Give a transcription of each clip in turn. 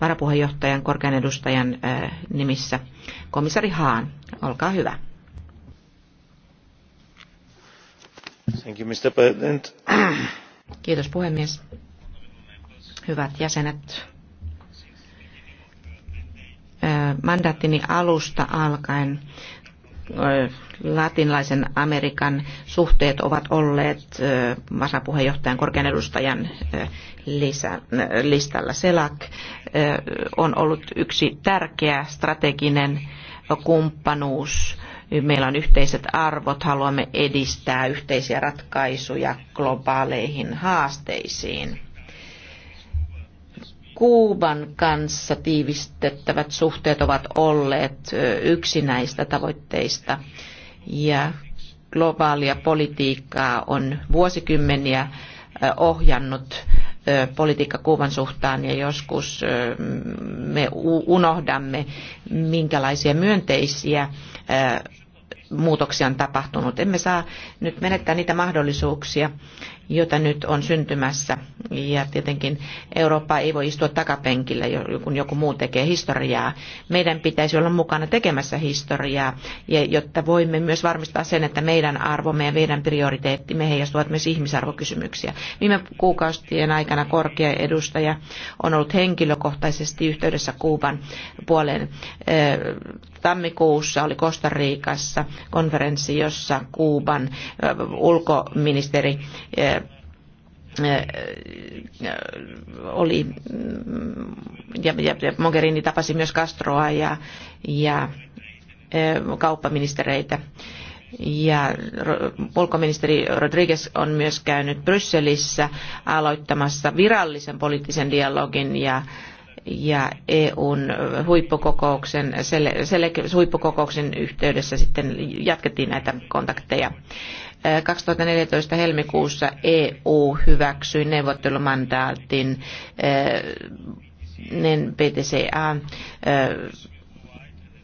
varapuheenjohtajan korkean edustajan nimissä. Komissari Haan, olkaa hyvä. Thank you, Mr. President. Kiitos puhemies. Hyvät jäsenet, mandaattini alusta alkaen latinlaisen Amerikan suhteet ovat olleet varapuheenjohtajan korkean edustajan lisä, listalla. Selak on ollut yksi tärkeä strateginen kumppanuus. Meillä on yhteiset arvot, haluamme edistää yhteisiä ratkaisuja globaaleihin haasteisiin Kuuban kanssa tiivistettävät suhteet ovat olleet yksi näistä tavoitteista. Ja globaalia politiikkaa on vuosikymmeniä ohjannut politiikka Kuuban suhtaan ja joskus me unohdamme, minkälaisia myönteisiä muutoksia on tapahtunut. Emme saa nyt menettää niitä mahdollisuuksia, jota nyt on syntymässä. Ja tietenkin Eurooppa ei voi istua takapenkillä, kun joku muu tekee historiaa. Meidän pitäisi olla mukana tekemässä historiaa, ja jotta voimme myös varmistaa sen, että meidän arvomme ja meidän prioriteettimme heijastuvat myös ihmisarvokysymyksiä. Viime kuukausien aikana korkea edustaja on ollut henkilökohtaisesti yhteydessä Kuuban puolen Tammikuussa oli Costa Ricassa konferenssi, jossa Kuuban ulkoministeri Äh, äh, oli, mm, ja, ja, ja Mogherini tapasi myös Castroa ja, ja äh, kauppaministereitä. Ja ulkoministeri Rodriguez on myös käynyt Brysselissä aloittamassa virallisen poliittisen dialogin ja ja EUn huippukokouksen, sele, huippukokouksen yhteydessä sitten jatkettiin näitä kontakteja. 2014 helmikuussa EU hyväksyi neuvottelumandaatin PTCA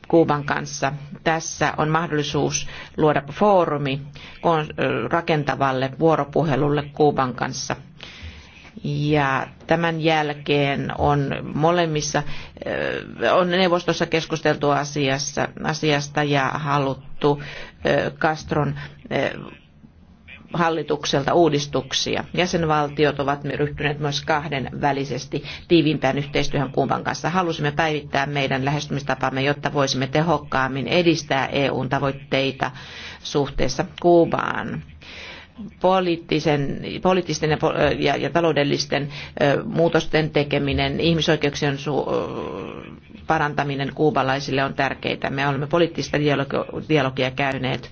Kuuban kanssa. Tässä on mahdollisuus luoda foorumi rakentavalle vuoropuhelulle Kuuban kanssa ja tämän jälkeen on molemmissa, eh, on neuvostossa keskusteltu asiassa, asiasta ja haluttu eh, Castron eh, hallitukselta uudistuksia. Jäsenvaltiot ovat ryhtyneet myös kahden välisesti tiiviimpään yhteistyöhön Kuuban kanssa. Halusimme päivittää meidän lähestymistapamme, jotta voisimme tehokkaammin edistää EUn tavoitteita suhteessa Kuubaan poliittisen, poliittisten ja, ja, ja taloudellisten muutosten tekeminen, ihmisoikeuksien su, parantaminen kuubalaisille on tärkeää. Me olemme poliittista dialogia, dialogia käyneet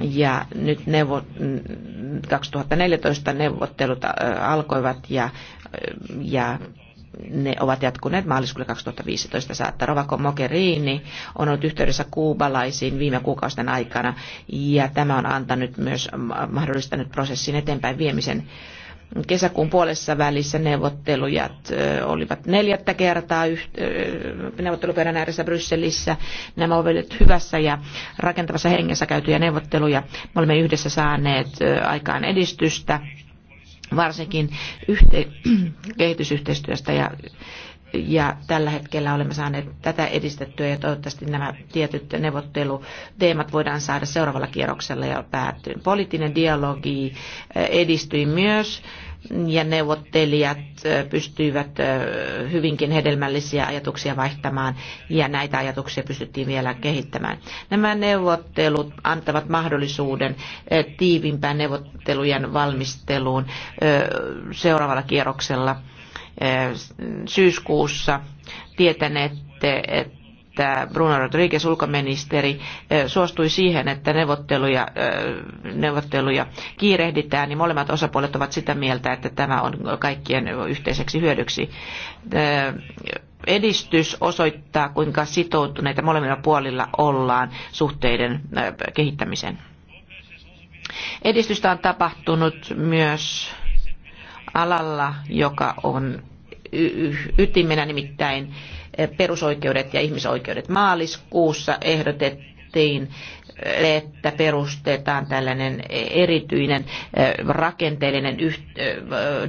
ja nyt neuvo, 2014 neuvottelut alkoivat ja, ja ne ovat jatkuneet maaliskuulle 2015 saatta. Rovako Mogherini on ollut yhteydessä kuubalaisiin viime kuukausien aikana ja tämä on antanut myös mahdollistanut prosessin eteenpäin viemisen. Kesäkuun puolessa välissä neuvottelujat olivat neljättä kertaa neuvottelupöydän ääressä Brysselissä. Nämä ovat hyvässä ja rakentavassa hengessä käytyjä neuvotteluja. Me olemme yhdessä saaneet aikaan edistystä varsinkin yhte, kehitysyhteistyöstä ja, ja tällä hetkellä olemme saaneet tätä edistettyä ja toivottavasti nämä tietyt neuvotteluteemat voidaan saada seuraavalla kierroksella jo päättyyn. Poliittinen dialogi eh, edistyi myös ja neuvottelijat pystyivät hyvinkin hedelmällisiä ajatuksia vaihtamaan ja näitä ajatuksia pystyttiin vielä kehittämään. Nämä neuvottelut antavat mahdollisuuden tiivimpään neuvottelujen valmisteluun seuraavalla kierroksella syyskuussa tietäneet, että että Bruno Rodriguez, ulkoministeri, suostui siihen, että neuvotteluja, neuvotteluja kiirehditään, niin molemmat osapuolet ovat sitä mieltä, että tämä on kaikkien yhteiseksi hyödyksi edistys osoittaa, kuinka sitoutuneita molemmilla puolilla ollaan suhteiden kehittämiseen. Edistystä on tapahtunut myös alalla, joka on ytimenä nimittäin perusoikeudet ja ihmisoikeudet. Maaliskuussa ehdotettiin että perustetaan tällainen erityinen rakenteellinen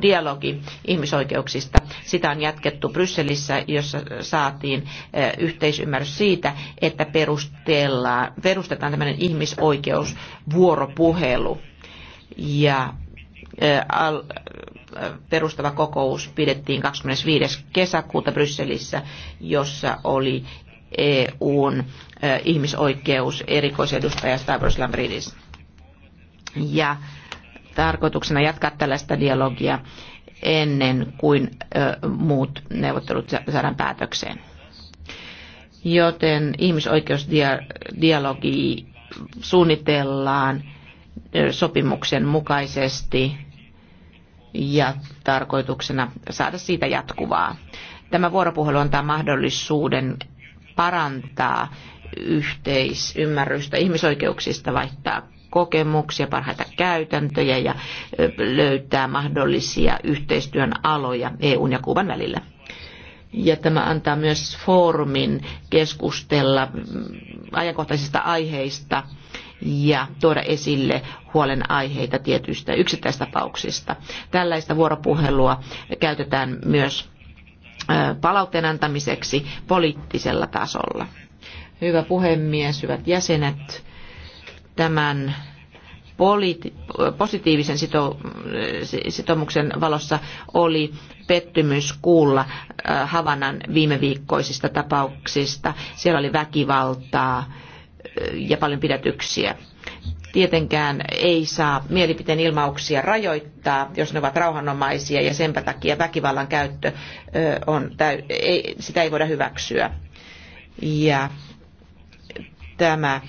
dialogi ihmisoikeuksista. Sitä on jatkettu Brysselissä, jossa saatiin yhteisymmärrys siitä, että perustetaan tämmöinen ihmisoikeusvuoropuhelu. Ja perustava kokous pidettiin 25. kesäkuuta Brysselissä, jossa oli EUn ihmisoikeus erikoisedustaja Stavros Lambridis. Ja tarkoituksena jatkaa tällaista dialogia ennen kuin muut neuvottelut saadaan päätökseen. Joten ihmisoikeusdialogi suunnitellaan sopimuksen mukaisesti ja tarkoituksena saada siitä jatkuvaa. Tämä vuoropuhelu antaa mahdollisuuden parantaa yhteisymmärrystä ihmisoikeuksista, vaihtaa kokemuksia, parhaita käytäntöjä ja löytää mahdollisia yhteistyön aloja EUn ja Kuuban välillä ja tämä antaa myös foorumin keskustella ajankohtaisista aiheista ja tuoda esille huolenaiheita tietyistä yksittäistapauksista. Tällaista vuoropuhelua käytetään myös palautteen antamiseksi poliittisella tasolla. Hyvä puhemies, hyvät jäsenet, tämän positiivisen sitoumuksen valossa oli pettymys kuulla äh, Havanan viime viikkoisista tapauksista. Siellä oli väkivaltaa äh, ja paljon pidätyksiä. Tietenkään ei saa mielipiteen ilmauksia rajoittaa, jos ne ovat rauhanomaisia ja senpä takia väkivallan käyttö äh, on, sitä ei voida hyväksyä. Ja tämä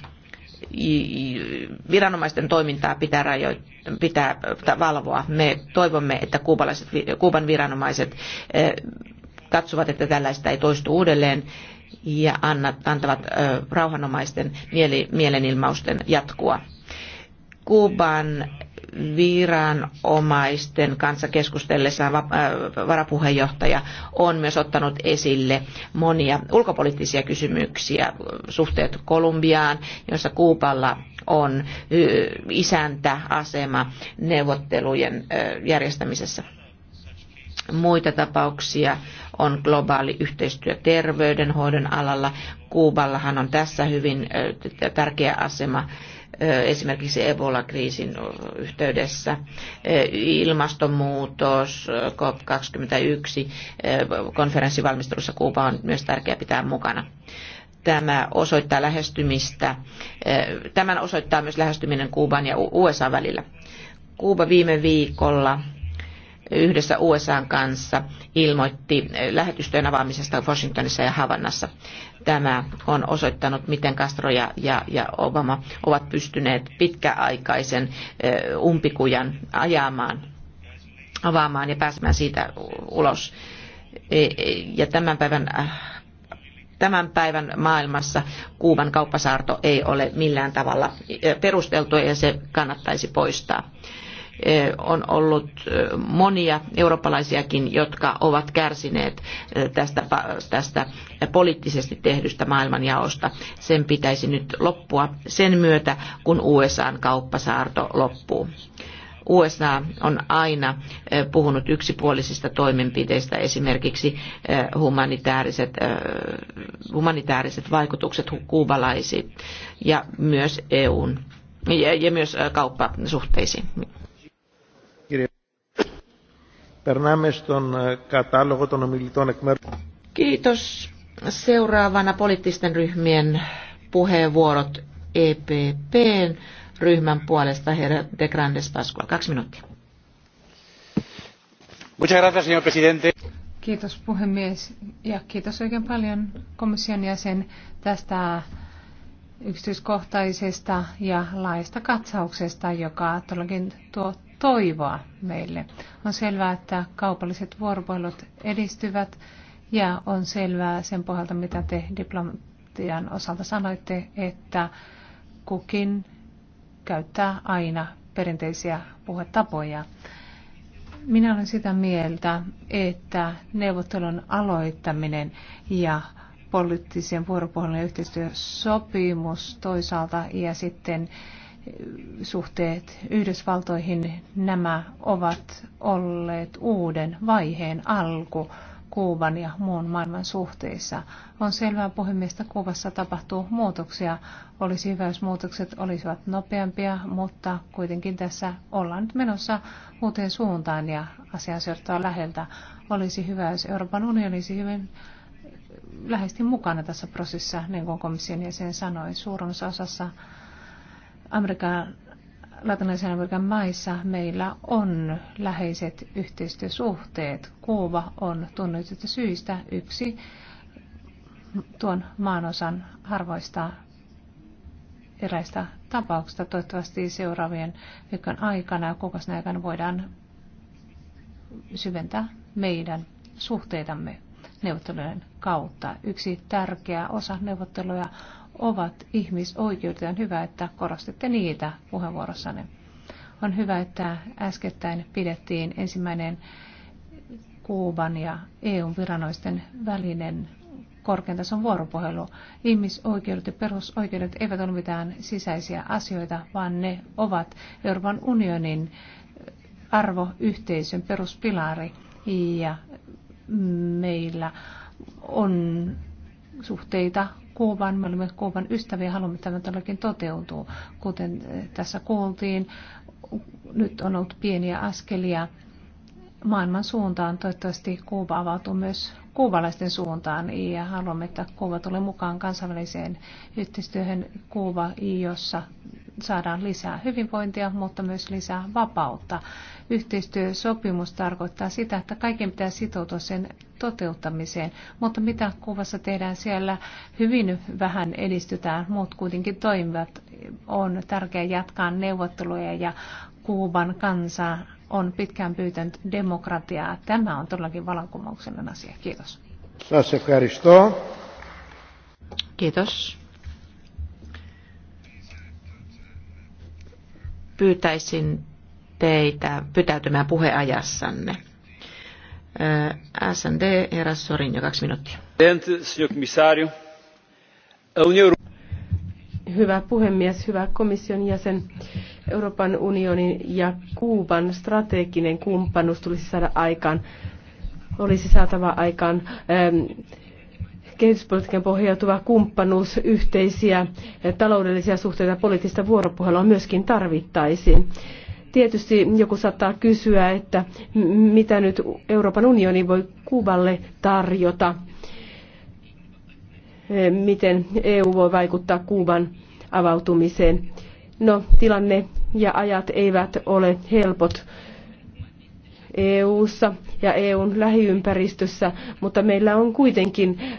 viranomaisten toimintaa pitää, rajoit- pitää äh, valvoa. Me toivomme, että kuubalaiset, Kuuban viranomaiset äh, katsovat, että tällaista ei toistu uudelleen ja antavat äh, rauhanomaisten mielenilmausten jatkua. Kuuban viranomaisten kanssa keskustellessa äh, varapuheenjohtaja on myös ottanut esille monia ulkopoliittisia kysymyksiä, suhteet Kolumbiaan, jossa Kuupalla on isäntäasema neuvottelujen äh, järjestämisessä. Muita tapauksia on globaali yhteistyö terveydenhoidon alalla. Kuuballahan on tässä hyvin äh, tärkeä asema esimerkiksi Ebola-kriisin yhteydessä. Ilmastonmuutos, COP21, konferenssivalmistelussa valmistelussa Kuuba on myös tärkeää pitää mukana tämä osoittaa lähestymistä, tämän osoittaa myös lähestyminen Kuuban ja USA välillä. Kuuba viime viikolla yhdessä USAn kanssa ilmoitti lähetystöjen avaamisesta Washingtonissa ja Havannassa. Tämä on osoittanut, miten Castro ja, ja, ja Obama ovat pystyneet pitkäaikaisen umpikujan ajamaan, avaamaan ja pääsemään siitä ulos. E, e, ja tämän päivän äh, tämän päivän maailmassa Kuuban kauppasaarto ei ole millään tavalla perusteltua ja se kannattaisi poistaa on ollut monia eurooppalaisiakin, jotka ovat kärsineet tästä, tästä poliittisesti tehdystä maailmanjaosta. Sen pitäisi nyt loppua sen myötä, kun USAn kauppasaarto loppuu. USA on aina puhunut yksipuolisista toimenpiteistä, esimerkiksi humanitaariset, humanitaariset vaikutukset kuubalaisiin ja myös EUn ja, ja myös kauppasuhteisiin. Περνάμε στον κατάλογο των ομιλητών εκ μέρους. Kiitos. Seuraavana poliittisten ryhmien puheenvuorot EPPn ryhmän puolesta herra De Grandes Pascual. Kaksi minuuttia. Muchas gracias, señor presidente. Kiitos puhemies ja kiitos oikein paljon komission jäsen tästä yksityiskohtaisesta ja laajasta katsauksesta, joka todellakin tuo toivoa meille. On selvää, että kaupalliset vuoropuhelut edistyvät ja on selvää sen pohjalta, mitä te diplomatian osalta sanoitte, että kukin käyttää aina perinteisiä puhetapoja. Minä olen sitä mieltä, että neuvottelun aloittaminen ja poliittisen vuoropuhelun yhteistyösopimus toisaalta ja sitten suhteet Yhdysvaltoihin, nämä ovat olleet uuden vaiheen alku Kuuban ja muun maailman suhteissa. On selvää puhemies, että Kuubassa tapahtuu muutoksia. Olisi hyvä, jos muutokset olisivat nopeampia, mutta kuitenkin tässä ollaan nyt menossa uuteen suuntaan ja asiaa läheltä. Olisi hyvä, jos Euroopan unioni olisi hyvin lähesti mukana tässä prosessissa, niin kuin komission jäsen sanoi. Suurin osassa Amerikan, latinalaisen Amerikan maissa meillä on läheiset yhteistyösuhteet. Kuuba on tunnetusta syistä yksi tuon maanosan harvoista eräistä tapauksista. Toivottavasti seuraavien viikon aikana ja kuukausien aikana voidaan syventää meidän suhteitamme neuvottelujen kautta. Yksi tärkeä osa neuvotteluja ovat ihmisoikeudet on hyvä, että korostitte niitä puheenvuorossanne. On hyvä, että äskettäin pidettiin ensimmäinen Kuuban ja EUn viranoisten välinen korkean tason vuoropuhelu. Ihmisoikeudet ja perusoikeudet eivät ole mitään sisäisiä asioita, vaan ne ovat Euroopan unionin arvoyhteisön peruspilari ja meillä on suhteita Kuuban. Me olemme Kuuban ystäviä ja haluamme, että tämä todellakin toteutuu. Kuten eh, tässä kuultiin, nyt on ollut pieniä askelia maailman suuntaan. Toivottavasti Kuuba avautuu myös kuubalaisten suuntaan ja haluamme, että Kuuba tulee mukaan kansainväliseen yhteistyöhön Kuuba, jossa saadaan lisää hyvinvointia, mutta myös lisää vapautta. Yhteistyösopimus tarkoittaa sitä, että kaiken pitää sitoutua sen toteuttamiseen, mutta mitä kuvassa tehdään siellä, hyvin vähän edistytään, muut kuitenkin toimivat. On tärkeää jatkaa neuvotteluja ja Kuuban kansa on pitkään pyytänyt demokratiaa. Tämä on todellakin valankumouksellinen asia. Kiitos. Kiitos. Pyytäisin teitä pytäytymään puheajassanne. SND, herra jo kaksi minuuttia. Hyvä puhemies, hyvä komission jäsen. Euroopan unionin ja Kuuban strateginen kumppanuus tulisi saada aikaan, olisi saatava aikaan ähm, kehityspolitiikan pohjautuva kumppanuus, yhteisiä äh, taloudellisia suhteita ja poliittista vuoropuhelua myöskin tarvittaisiin. Tietysti joku saattaa kysyä, että mitä nyt Euroopan unioni voi Kuuballe tarjota, äh, miten EU voi vaikuttaa Kuuban avautumiseen. No, tilanne ja ajat eivät ole helpot. EU:ssa ja EUn lähiympäristössä, mutta meillä on kuitenkin eh,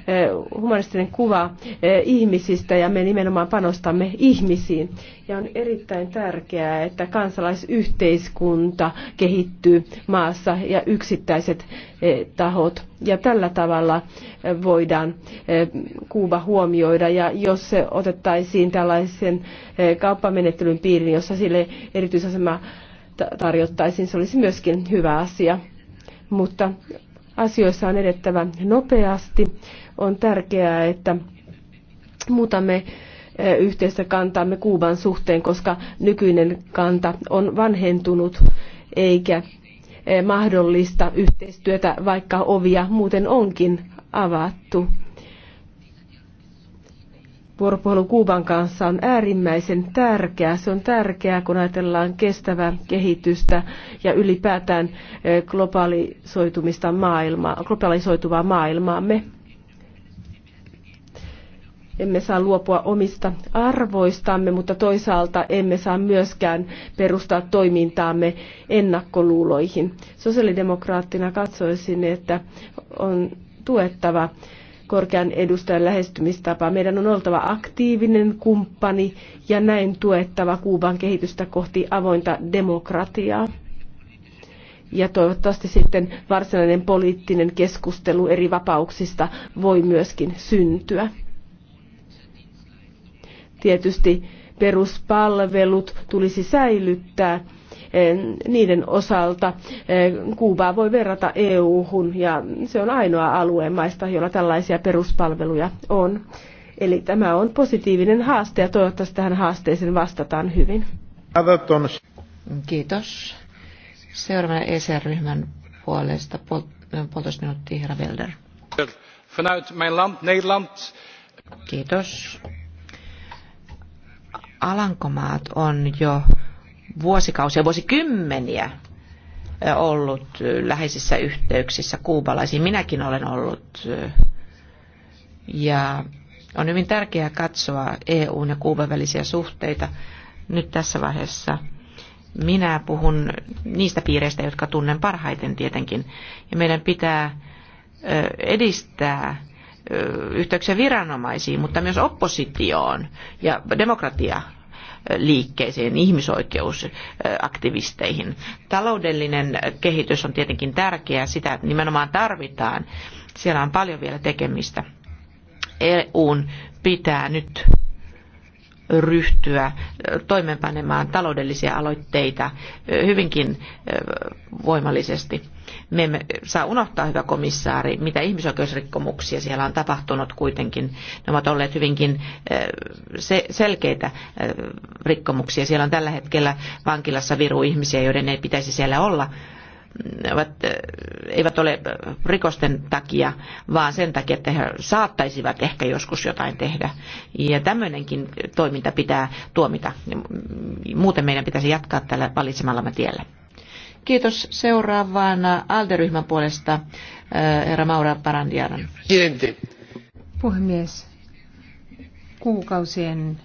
humanistinen kuva eh, ihmisistä ja me nimenomaan panostamme ihmisiin. Ja on erittäin tärkeää, että kansalaisyhteiskunta kehittyy maassa ja yksittäiset eh, tahot. Ja tällä tavalla voidaan Kuuba huomioida. Ja jos se otettaisiin tällaisen kauppamenettelyn piiriin, jossa sille erityisasema tarjottaisiin. Se olisi myöskin hyvä asia. Mutta asioissa on edettävä nopeasti. On tärkeää, että muutamme e, yhteistä kantaamme Kuuban suhteen, koska nykyinen kanta on vanhentunut eikä e, mahdollista yhteistyötä, vaikka ovia muuten onkin avattu vuoropuhelu Kuuban kanssa on äärimmäisen tärkeää. Se on tärkeää, kun ajatellaan kestävää kehitystä ja ylipäätään eh, globalisoitumista maailmaa, globalisoituvaa maailmaamme. Emme saa luopua omista arvoistamme, mutta toisaalta emme saa myöskään perustaa toimintaamme ennakkoluuloihin. Sosiaalidemokraattina katsoisin, että on tuettava korkean edustajan lähestymistapaa. Meidän on oltava aktiivinen kumppani ja näin tuettava Kuuban kehitystä kohti avointa demokratiaa. Ja toivottavasti sitten varsinainen poliittinen keskustelu eri vapauksista voi myöskin syntyä. Tietysti peruspalvelut tulisi säilyttää Eh, niiden osalta eh, Kuubaa voi verrata EU-hun ja se on ainoa alue maista, jolla tällaisia peruspalveluja on. Eli tämä on positiivinen haaste ja toivottavasti tähän haasteeseen vastataan hyvin. Kiitos. Seuraavana ESR-ryhmän puolesta eh, puolitoista minuuttia, herra Welder. Kiitos. Alankomaat on jo vuosikausia, vuosikymmeniä ollut läheisissä yhteyksissä kuubalaisiin. Minäkin olen ollut. Ja on hyvin tärkeää katsoa EUn ja Kuuban välisiä suhteita nyt tässä vaiheessa. Minä puhun niistä piireistä, jotka tunnen parhaiten tietenkin. Ja meidän pitää edistää yhteyksiä viranomaisiin, mutta myös oppositioon ja demokratia liikkeisiin, ihmisoikeusaktivisteihin. Taloudellinen kehitys on tietenkin tärkeää, sitä nimenomaan tarvitaan. Siellä on paljon vielä tekemistä. EUn pitää nyt ryhtyä toimeenpanemaan taloudellisia aloitteita hyvinkin voimallisesti. Me emme saa unohtaa, hyvä komissaari, mitä ihmisoikeusrikkomuksia siellä on tapahtunut kuitenkin. Ne ovat olleet hyvinkin selkeitä rikkomuksia. Siellä on tällä hetkellä vankilassa viru ihmisiä, joiden ei pitäisi siellä olla ovat, eivät ole rikosten takia, vaan sen takia, että he saattaisivat ehkä joskus jotain tehdä. Ja tämmöinenkin toiminta pitää tuomita. Muuten meidän pitäisi jatkaa tällä valitsemallamme tiellä. Kiitos seuraavana Alderyhmän puolesta herra Maura Parandiaran. Puhemies, kuukausien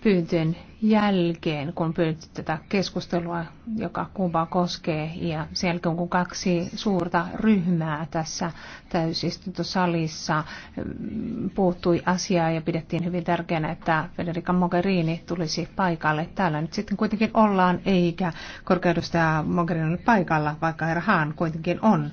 pyyntöjen jälkeen, kun pyyditte tätä keskustelua, joka Kuubaa koskee, ja sen jälkeen kun kaksi suurta ryhmää tässä täysistuntosalissa mm, puuttui asiaa ja pidettiin hyvin tärkeänä, että Federica Mogherini tulisi paikalle. Täällä nyt sitten kuitenkin ollaan, eikä korkeudustaja Mogherini ole paikalla, vaikka herra Haan kuitenkin on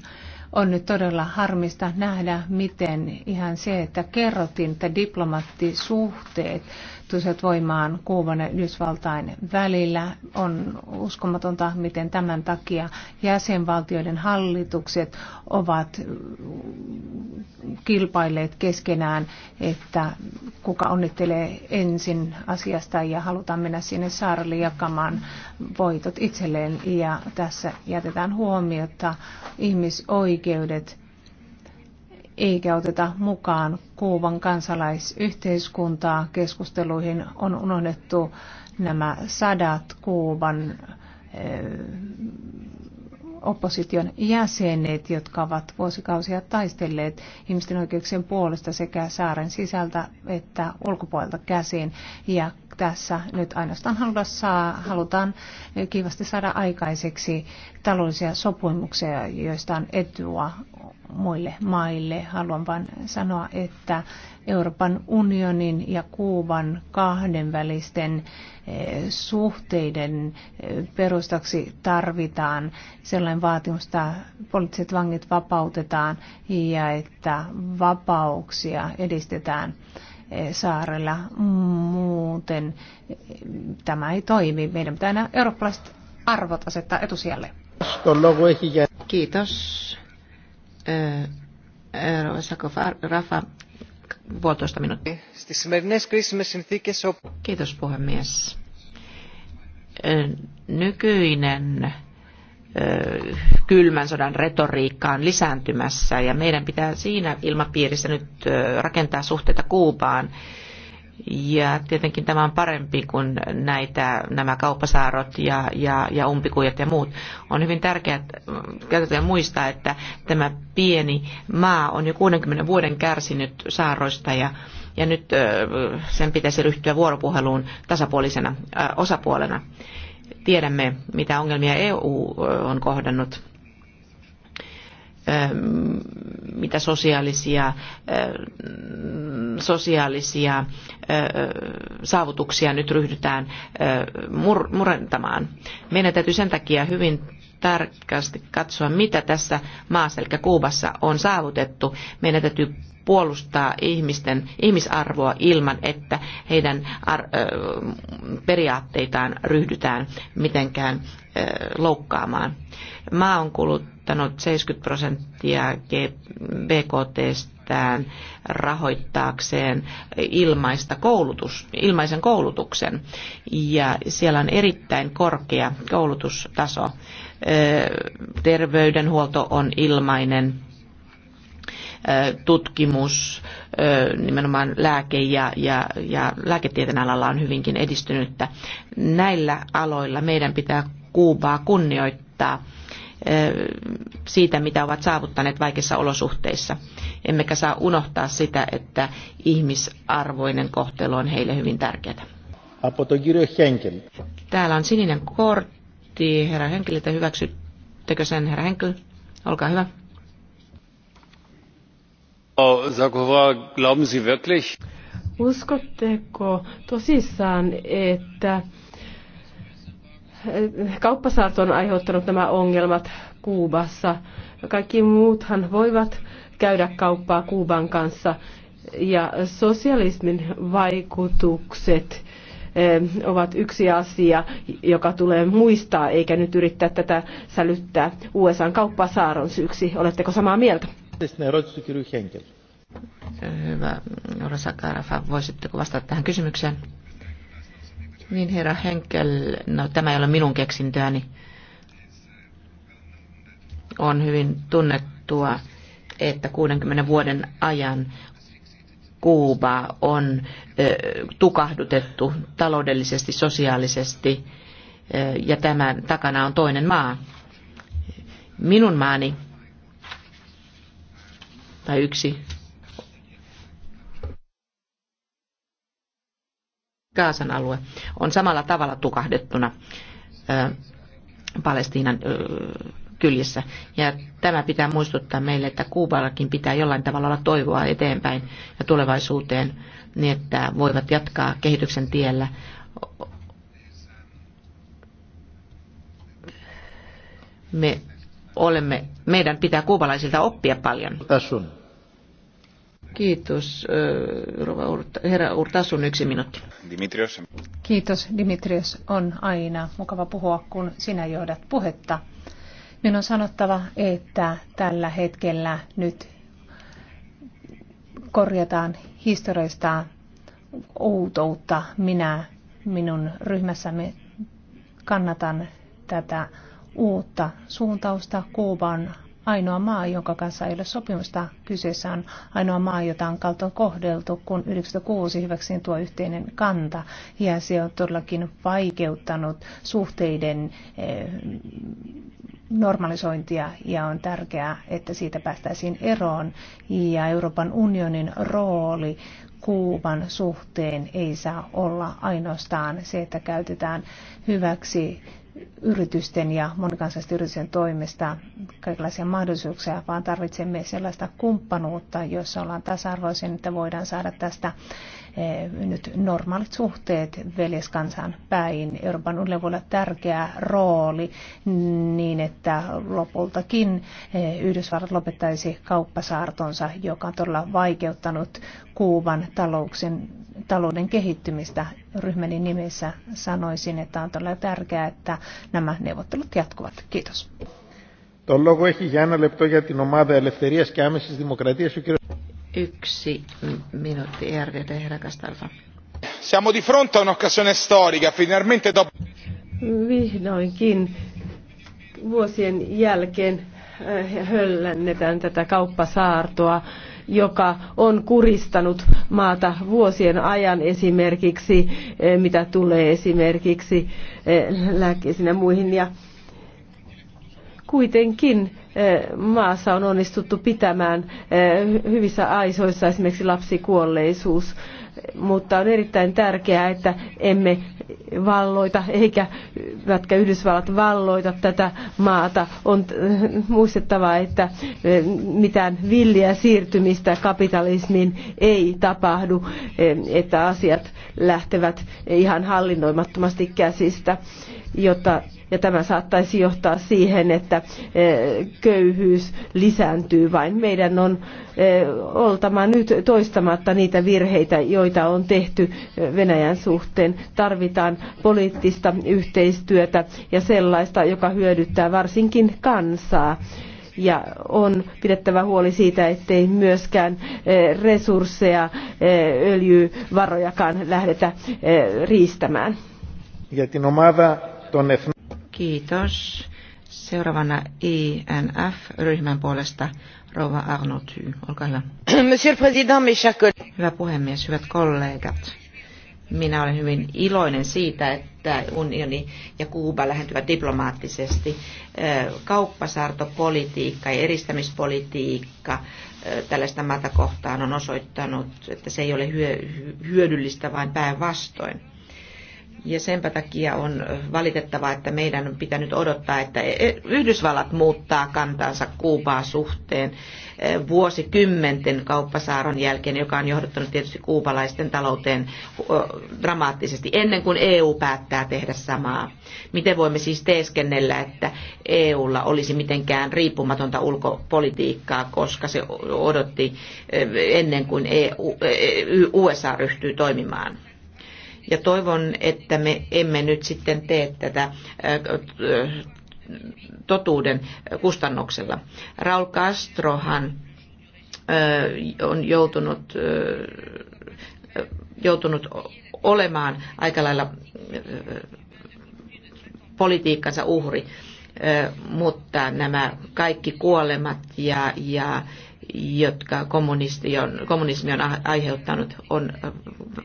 on nyt todella harmista nähdä, miten ihan se, että kerrotin, että diplomaattisuhteet astuisivat voimaan Kuuban ja Yhdysvaltain välillä. On uskomatonta, miten tämän takia jäsenvaltioiden hallitukset ovat kilpailleet keskenään, että kuka onnittelee ensin asiasta ja halutaan mennä sinne saarelle jakamaan voitot itselleen. Ja tässä jätetään huomiota ihmisoikeudet eikä oteta mukaan Kuuban kansalaisyhteiskuntaa keskusteluihin, on unohdettu nämä sadat Kuuban eh, opposition jäsenet, jotka ovat vuosikausia taistelleet ihmisten oikeuksien puolesta sekä saaren sisältä että ulkopuolelta käsin. Ja tässä nyt ainoastaan saa, halutaan kiivasti saada aikaiseksi taloudellisia sopimuksia, joista on etua muille maille. Haluan vain sanoa, että Euroopan unionin ja Kuuban kahdenvälisten eh, suhteiden eh, perustaksi tarvitaan sellainen vaatimus, että poliittiset vangit vapautetaan ja että vapauksia edistetään eh, saarella. Muuten tämä ei toimi. Meidän pitää nämä eurooppalaiset arvot asettaa etusijalle. Kiitos. Rafa, minuuttia. Kiitos puhemies. Nykyinen kylmän sodan retoriikka on lisääntymässä ja meidän pitää siinä ilmapiirissä nyt rakentaa suhteita Kuubaan ja tietenkin tämä on parempi kuin näitä, nämä kauppasaarot ja, ja, ja umpikujat ja muut. On hyvin tärkeää käytetään muistaa, että tämä pieni maa on jo 60 vuoden kärsinyt saaroista ja, ja nyt sen pitäisi ryhtyä vuoropuheluun tasapuolisena osapuolena. Tiedämme, mitä ongelmia EU on kohdannut mitä sosiaalisia, sosiaalisia saavutuksia nyt ryhdytään murentamaan. Meidän täytyy sen takia hyvin tarkasti katsoa, mitä tässä maassa, eli Kuubassa, on saavutettu. Meidän täytyy puolustaa ihmisten ihmisarvoa ilman, että heidän periaatteitaan ryhdytään mitenkään loukkaamaan. Maa on kuullut ottanut 70 prosenttia BKTstään rahoittaakseen ilmaista koulutus, ilmaisen koulutuksen. Ja siellä on erittäin korkea koulutustaso. Terveydenhuolto on ilmainen, tutkimus, nimenomaan lääke- ja, ja, ja lääketieteen alalla on hyvinkin edistynyttä. Näillä aloilla meidän pitää Kuubaa kunnioittaa siitä, mitä ovat saavuttaneet vaikeissa olosuhteissa. Emmekä saa unohtaa sitä, että ihmisarvoinen kohtelu on heille hyvin tärkeää. Täällä on sininen kortti. Herra te hyväksyttekö sen, herra Henkel? Olkaa hyvä. Uskotteko tosissaan, että kauppasaarto on aiheuttanut nämä ongelmat Kuubassa. Kaikki muuthan voivat käydä kauppaa Kuuban kanssa ja sosialismin vaikutukset eh, ovat yksi asia, joka tulee muistaa, eikä nyt yrittää tätä sälyttää USA kauppasaaron syyksi. Oletteko samaa mieltä? Hyvä. Rosakarafa, voisitteko vastata tähän kysymykseen? Niin herra Henkel, no tämä ei ole minun keksintöäni. On hyvin tunnettua, että 60 vuoden ajan Kuuba on tukahdutettu taloudellisesti, sosiaalisesti ja tämän takana on toinen maa. Minun maani, tai yksi Gaasan alue on samalla tavalla tukahdettuna Palestiinan kyljessä. Ja tämä pitää muistuttaa meille, että Kuuballakin pitää jollain tavalla olla toivoa eteenpäin ja tulevaisuuteen, niin että voivat jatkaa kehityksen tiellä. Me olemme, meidän pitää kuubalaisilta oppia paljon. on. Kiitos, herra Urtasun yksi minuutti. Dimitrios. Kiitos, Dimitrios. On aina mukava puhua, kun sinä johdat puhetta. Minun on sanottava, että tällä hetkellä nyt korjataan historiasta outoutta. Minä minun ryhmässämme kannatan tätä uutta suuntausta Kuuban ainoa maa, jonka kanssa ei ole sopimusta. Kyseessä on ainoa maa, jota on kaltoin kohdeltu, kun 96 hyväksin tuo yhteinen kanta. Ja se on todellakin vaikeuttanut suhteiden eh, normalisointia ja on tärkeää, että siitä päästäisiin eroon. Ja Euroopan unionin rooli Kuuban suhteen ei saa olla ainoastaan se, että käytetään hyväksi yritysten ja monikansallisten yritysten toimesta kaikenlaisia mahdollisuuksia, vaan tarvitsemme sellaista kumppanuutta, jossa ollaan tasa-arvoisen, että voidaan saada tästä Eh, nyt normaalit suhteet veljeskansaan päin. Euroopan unionilla voi olla tärkeä rooli niin, että lopultakin eh, Yhdysvallat lopettaisi kauppasaartonsa, joka on todella vaikeuttanut Kuuban talouksen, talouden kehittymistä. Ryhmäni nimessä sanoisin, että on todella tärkeää, että nämä neuvottelut jatkuvat. Kiitos. Το λόγο έχει για ένα λεπτό για την ομάδα Ελευθερίας και Άμεσης Δημοκρατίας ο κύριος... Yksi minuutti e herra Kastalfa. Siamo di fronte a un'occasione storica, finalmente dopo... Vihdoinkin vuosien jälkeen eh, höllännetään tätä kauppasaartoa, joka on kuristanut maata vuosien ajan esimerkiksi, eh, mitä tulee esimerkiksi eh, lääkkeisiin ja muihin. Ja kuitenkin Eh, maassa on onnistuttu pitämään eh, hyvissä aisoissa esimerkiksi lapsikuolleisuus. Mutta on erittäin tärkeää, että emme valloita, eikä vätkä Yhdysvallat valloita tätä maata. On eh, muistettava, että mitään villiä siirtymistä kapitalismiin ei tapahdu, että asiat lähtevät ihan hallinnoimattomasti käsistä jotta, ja tämä saattaisi johtaa siihen, että eh, köyhyys lisääntyy vain. Meidän on eh, oltava nyt toistamatta niitä virheitä, joita on tehty eh, Venäjän suhteen. Tarvitaan poliittista yhteistyötä ja sellaista, joka hyödyttää varsinkin kansaa ja on pidettävä huoli siitä, ettei myöskään resursseja, öljyvarojakaan lähdetä riistämään. Για την ομάδα Kiitos. Seuraavana INF-ryhmän e puolesta Rova Arnoty. Olkaa hyvä. Monsieur le Président, mes chers collègues. Hyvä puhemies, hyvät kollegat. Minä olen hyvin iloinen siitä, että unioni ja Kuuba lähentyvät diplomaattisesti. Kauppasaartopolitiikka ja eristämispolitiikka tällaista maata kohtaan on osoittanut, että se ei ole hyödyllistä, vaan päinvastoin ja senpä takia on valitettavaa, että meidän on pitänyt odottaa, että e- e- Yhdysvallat muuttaa kantansa Kuubaa suhteen e, vuosikymmenten kauppasaaron jälkeen, joka on johdottanut tietysti kuubalaisten talouteen dramaattisesti, ennen kuin EU päättää tehdä samaa. Miten voimme siis teeskennellä, että EUlla olisi mitenkään riippumatonta ulkopolitiikkaa, koska se odotti ennen kuin EU, USA ryhtyy toimimaan? Ja toivon, että me emme nyt sitten tee tätä äh, totuuden kustannuksella. Raul Castrohan äh, on joutunut, äh, joutunut olemaan aika lailla politiikkansa uhri, mutta nämä kaikki kuolemat ja, ja jotka kommunisti on, kommunismi on aiheuttanut, on äh,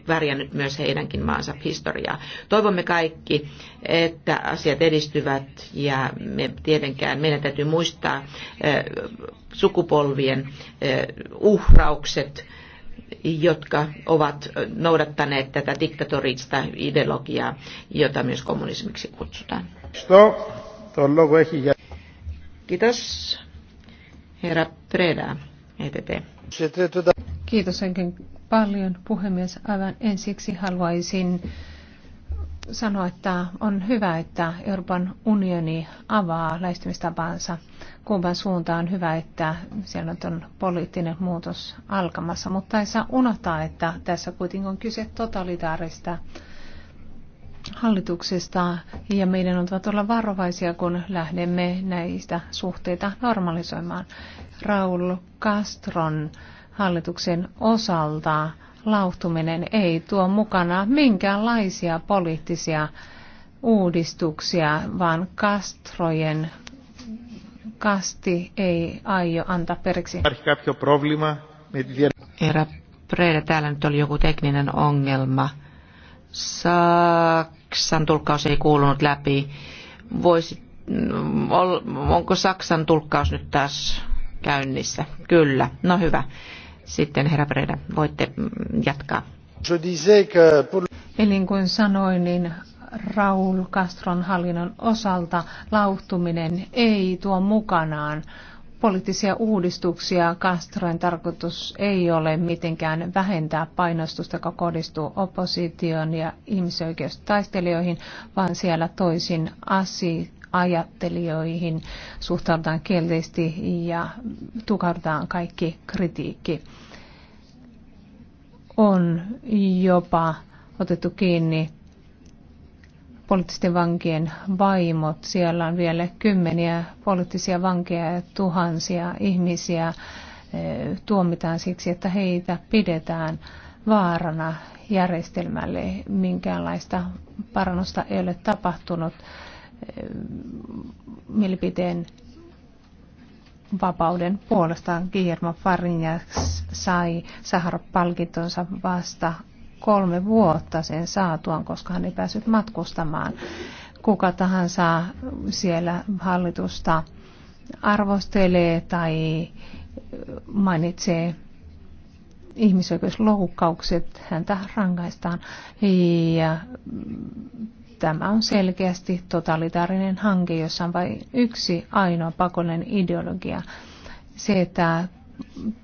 värjännyt myös heidänkin maansa historiaa. Toivomme kaikki, että asiat edistyvät ja me tietenkään meidän täytyy muistaa äh, sukupolvien äh, uhraukset, jotka ovat noudattaneet tätä diktatorista ideologiaa, jota myös kommunismiksi kutsutaan. Kiitos. Herra Preda. EPP. Kiitos oikein paljon puhemies. Aivan ensiksi haluaisin sanoa, että on hyvä, että Euroopan unioni avaa lähestymistapansa Kuuban suuntaan. Hyvä, että siellä on poliittinen muutos alkamassa, mutta ei saa unohtaa, että tässä kuitenkin on kyse totalitaarista hallituksesta ja meidän on oltava olla varovaisia, kun lähdemme näistä suhteita normalisoimaan. Raul Castron hallituksen osalta lauhtuminen ei tuo mukana minkäänlaisia poliittisia uudistuksia, vaan Castrojen kasti ei aio antaa periksi. Herra Preda, täällä nyt oli joku tekninen ongelma. Saksan tulkkaus ei kuulunut läpi. Voisi, mm, onko Saksan tulkkaus nyt tässä? käynnissä. Kyllä, no hyvä. Sitten herra Breda, voitte mm, jatkaa. Eli kuin sanoin, niin Raul Castron hallinnon osalta lauhtuminen ei tuo mukanaan poliittisia uudistuksia. Castroin tarkoitus ei ole mitenkään vähentää painostusta, joka kohdistuu oppositioon ja ihmisoikeustaistelijoihin, vaan siellä toisin asia ajattelijoihin suhtaudutaan kielteisesti ja tukahdutaan kaikki kritiikki. On jopa otettu kiinni poliittisten vankien vaimot. Siellä on vielä kymmeniä poliittisia vankeja ja tuhansia ihmisiä tuomitaan siksi, että heitä pidetään vaarana järjestelmälle. Minkäänlaista parannusta ei ole tapahtunut mielipiteen vapauden puolestaan Guillermo Farinjas sai sahara palkintonsa vasta kolme vuotta sen saatuaan, koska hän ei päässyt matkustamaan. Kuka tahansa siellä hallitusta arvostelee tai mainitsee ihmisoikeusloukkaukset, häntä rangaistaan. Ja Tämä on selkeästi totalitaarinen hanke, jossa on vain yksi ainoa pakollinen ideologia. Se, että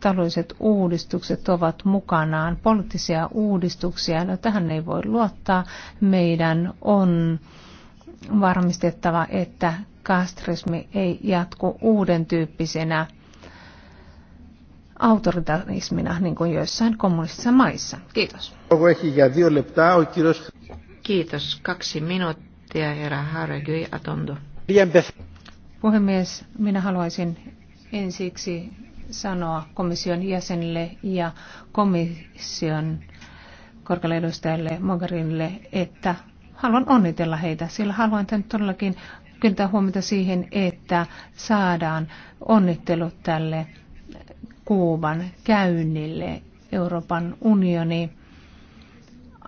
taloudelliset uudistukset ovat mukanaan poliittisia uudistuksia, no tähän ei voi luottaa. Meidän on varmistettava, että kastrismi ei jatku uuden tyyppisenä autoritarismina, niin kuin joissain kommunistisissa maissa. Kiitos. Kiitos. Kaksi minuuttia, herra Haregui Atondo. Puhemies, minä haluaisin ensiksi sanoa komission jäsenille ja komission korkealle edustajalle Mogherinille, että haluan onnitella heitä, sillä haluan tämän todellakin kyllä huomiota siihen, että saadaan onnittelut tälle Kuuban käynnille. Euroopan unioni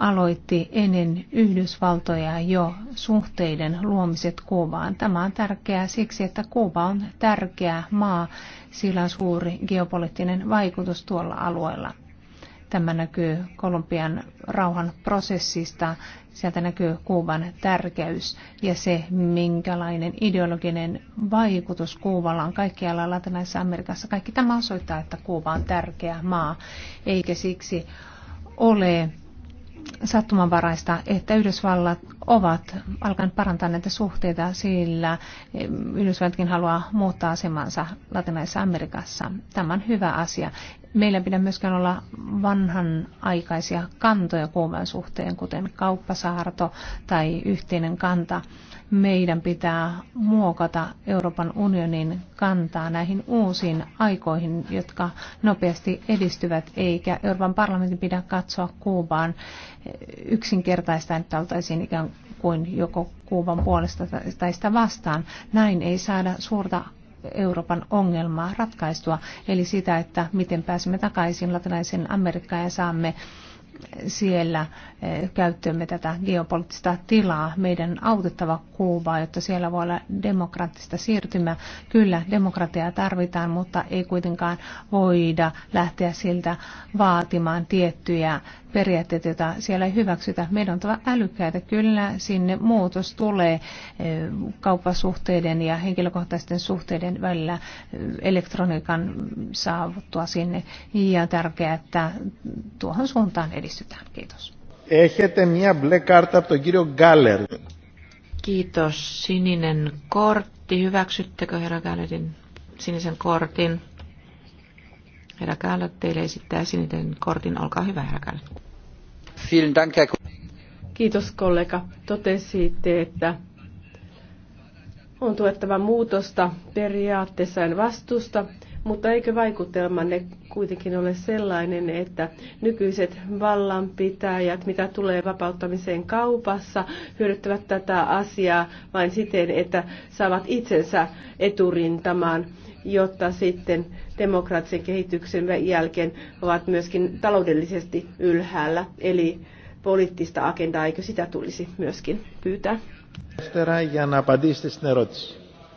aloitti ennen Yhdysvaltoja jo suhteiden luomiset Kuubaan. Tämä on tärkeää siksi, että Kuuba on tärkeä maa, sillä on suuri geopoliittinen vaikutus tuolla alueella. Tämä näkyy Kolumbian rauhan prosessista, sieltä näkyy Kuuban tärkeys ja se, minkälainen ideologinen vaikutus Kuuballa on kaikkialla Latinalaisessa Amerikassa. Kaikki tämä osoittaa, että Kuuba on tärkeä maa, eikä siksi ole sattumanvaraista, että Yhdysvallat ovat alkaneet parantaa näitä suhteita, sillä Yhdysvallatkin haluaa muuttaa asemansa Latinalaisessa Amerikassa. Tämä on hyvä asia meillä pidä myöskään olla vanhan aikaisia kantoja Kuuban suhteen, kuten kauppasaarto tai yhteinen kanta. Meidän pitää muokata Euroopan unionin kantaa näihin uusiin aikoihin, jotka nopeasti edistyvät, eikä Euroopan parlamentin pidä katsoa Kuubaan yksinkertaista, että oltaisiin ikään kuin joko Kuuban puolesta tai sitä vastaan. Näin ei saada suurta Euroopan ongelmaa ratkaistua, eli sitä, että miten pääsemme takaisin latinalaisen Amerikkaan ja saamme siellä eh, käyttöömme tätä geopoliittista tilaa. Meidän autettava kuvaa, jotta siellä voi olla demokraattista siirtymää. Kyllä, demokratiaa tarvitaan, mutta ei kuitenkaan voida lähteä siltä vaatimaan tiettyjä periaatteet, joita siellä ei hyväksytä. Meidän on oltava älykkäitä. Kyllä sinne muutos tulee eh, kauppasuhteiden ja henkilökohtaisten suhteiden välillä eh, elektroniikan saavuttua sinne. Ja tärkeää, että tuohon suuntaan edistytään. Kiitos. Έχετε μία μπλε κάρτα από Kiitos. Sininen kortti. Hyväksyttekö herra Gallerin sinisen kortin? Herra Käällä, teille esittää sininen kortin. Olkaa hyvä, herra Käällä. Kiitos kollega. Totesitte, että on tuettava muutosta periaatteessa en vastusta, mutta eikö vaikutelmanne kuitenkin ole sellainen, että nykyiset vallanpitäjät, mitä tulee vapauttamiseen kaupassa, hyödyttävät tätä asiaa vain siten, että saavat itsensä eturintamaan, jotta sitten demokraattisen kehityksen jälkeen ovat myöskin taloudellisesti ylhäällä, eli poliittista agendaa, eikö sitä tulisi myöskin pyytää?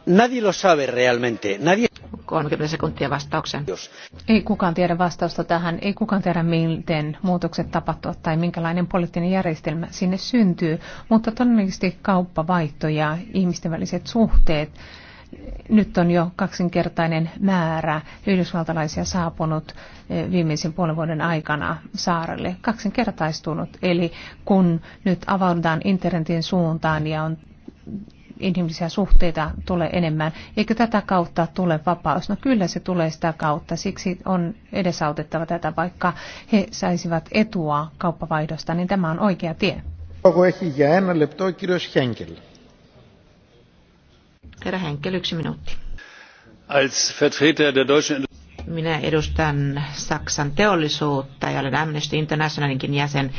Nadie lo sabe realmente. Nadie... 30 sekuntia vastauksen. Jos. Ei kukaan tiedä vastausta tähän, ei kukaan tiedä miten muutokset tapahtuvat tai minkälainen poliittinen järjestelmä sinne syntyy, mutta todennäköisesti kauppavaihto ja ihmisten väliset suhteet nyt on jo kaksinkertainen määrä yhdysvaltalaisia saapunut eh, viimeisen puolen vuoden aikana saarelle. Kaksinkertaistunut, eli kun nyt avaudutaan internetin suuntaan ja on inhimillisiä suhteita tulee enemmän. Eikö tätä kautta tule vapaus? No kyllä se tulee sitä kautta. Siksi on edesautettava tätä, vaikka he saisivat etua kauppavaihdosta, niin tämä on oikea tie. Onko ehkä jäännä leptoa kirjois Henkel? Herra Henkel, yksi minuutti. Als Vertreter der deutschen minä edustan Saksan teollisuutta ja olen Amnesty Internationalinkin jäsen.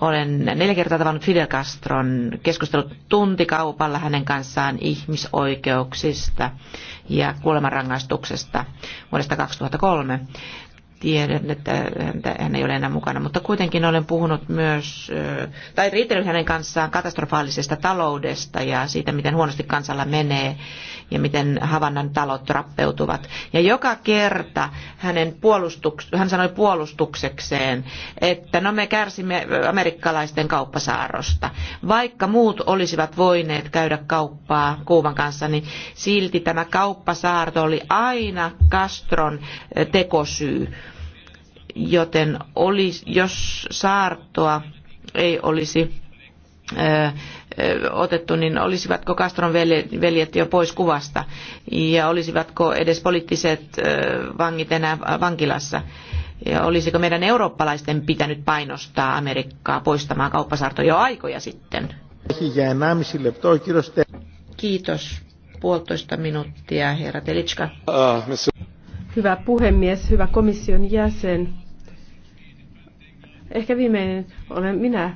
Olen neljä kertaa tavannut Fidel Castron, keskustellut tuntikaupalla hänen kanssaan ihmisoikeuksista ja kuolemanrangaistuksesta vuodesta 2003 tiedän, että hän ei ole enää mukana, mutta kuitenkin olen puhunut myös, tai riitellyt hänen kanssaan katastrofaalisesta taloudesta ja siitä, miten huonosti kansalla menee ja miten Havannan talot rappeutuvat. Ja joka kerta hänen puolustuks- hän sanoi puolustuksekseen, että no me kärsimme amerikkalaisten kauppasaarosta. Vaikka muut olisivat voineet käydä kauppaa Kuuban kanssa, niin silti tämä kauppasaarto oli aina Castron tekosyy joten olisi, jos saartoa ei olisi otettu, niin olisivatko Castron veljet jo pois kuvasta ja olisivatko edes poliittiset vangit enää vankilassa? Ja olisiko meidän eurooppalaisten pitänyt painostaa Amerikkaa poistamaan kauppasaarto jo aikoja sitten? Kiitos. Puolitoista minuuttia, herra Telitska. Hyvä puhemies, hyvä komission jäsen. Ehkä viimeinen olen minä,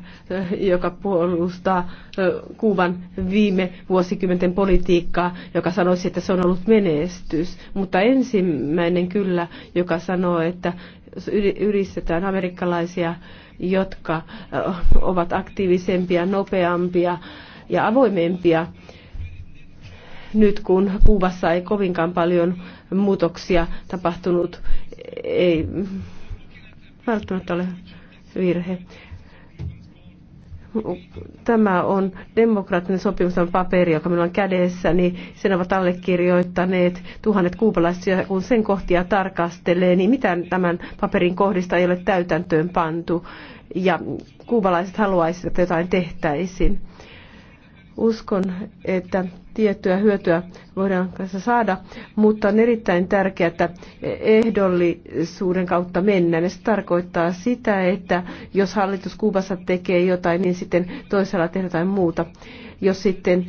joka puolustaa Kuuban viime vuosikymmenten politiikkaa, joka sanoisi, että se on ollut menestys. Mutta ensimmäinen kyllä, joka sanoo, että yhdistetään amerikkalaisia, jotka ovat aktiivisempia, nopeampia ja avoimempia nyt kun Kuubassa ei kovinkaan paljon muutoksia tapahtunut, ei välttämättä ole virhe. Tämä on demokraattinen sopimus, on paperi, joka minulla on kädessä, niin sen ovat allekirjoittaneet tuhannet kuupalaiset, ja kun sen kohtia tarkastelee, niin mitään tämän paperin kohdista ei ole täytäntöön pantu, ja kuupalaiset haluaisivat, että jotain tehtäisiin Uskon, että tiettyä hyötyä voidaan kanssa saada, mutta on erittäin tärkeää, että ehdollisuuden kautta mennään. Ja se tarkoittaa sitä, että jos hallitus Kuubassa tekee jotain, niin sitten toisella tehdään jotain muuta. Jos sitten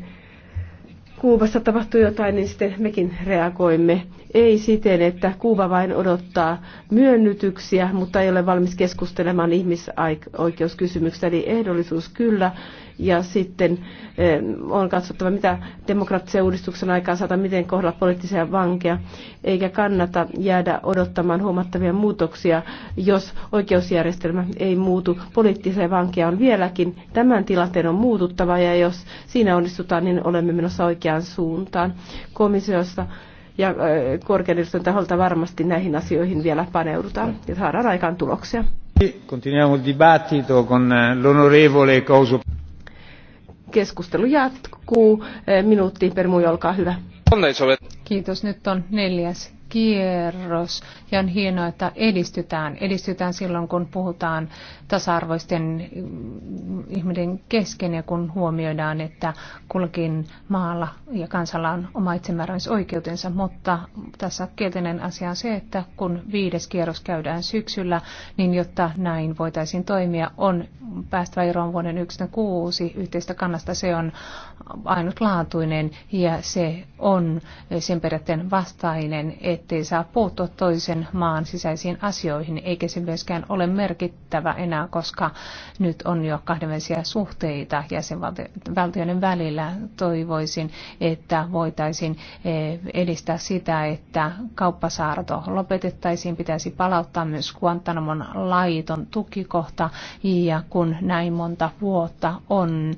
Kuubassa tapahtuu jotain, niin sitten mekin reagoimme. Ei siten, että Kuuba vain odottaa myönnytyksiä, mutta ei ole valmis keskustelemaan ihmisoikeuskysymyksistä. Eli ehdollisuus kyllä ja sitten eh, on katsottava, mitä demokraattisen uudistuksen aikaa saada, miten kohdella poliittisia vankeja, eikä kannata jäädä odottamaan huomattavia muutoksia, jos oikeusjärjestelmä ei muutu. Poliittisia vankeja on vieläkin. Tämän tilanteen on muututtava ja jos siinä onnistutaan, niin olemme menossa oikeaan suuntaan. Komissiossa ja eh, korkeudellisuuden taholta varmasti näihin asioihin vielä paneudutaan ja saadaan aikaan tuloksia. Continuiamo il dibattito con eh, l'onorevole Couso. Keskustelu jatkuu. Eh, Minuuttiin per muu, olkaa hyvä. Kiitos. Nyt on neljäs kierros ja on hienoa, että edistytään. Edistytään silloin, kun puhutaan tasa-arvoisten mm, ihmisten kesken ja kun huomioidaan, että kullakin maalla ja kansalla on oma itsemääräämisoikeutensa, mutta tässä kielteinen asia on se, että kun viides kierros käydään syksyllä, niin jotta näin voitaisiin toimia, on päästävä eroon vuoden 1906 yhteistä kannasta. Se on ainutlaatuinen ja se on sen periaatteen vastainen, että ettei saa puuttua toisen maan sisäisiin asioihin, eikä se myöskään ole merkittävä enää, koska nyt on jo kahdenvälisiä suhteita jäsenvaltioiden välillä. Toivoisin, että voitaisiin eh, edistää sitä, että kauppasaarto lopetettaisiin, pitäisi palauttaa myös Guantanamon laiton tukikohta, ja kun näin monta vuotta on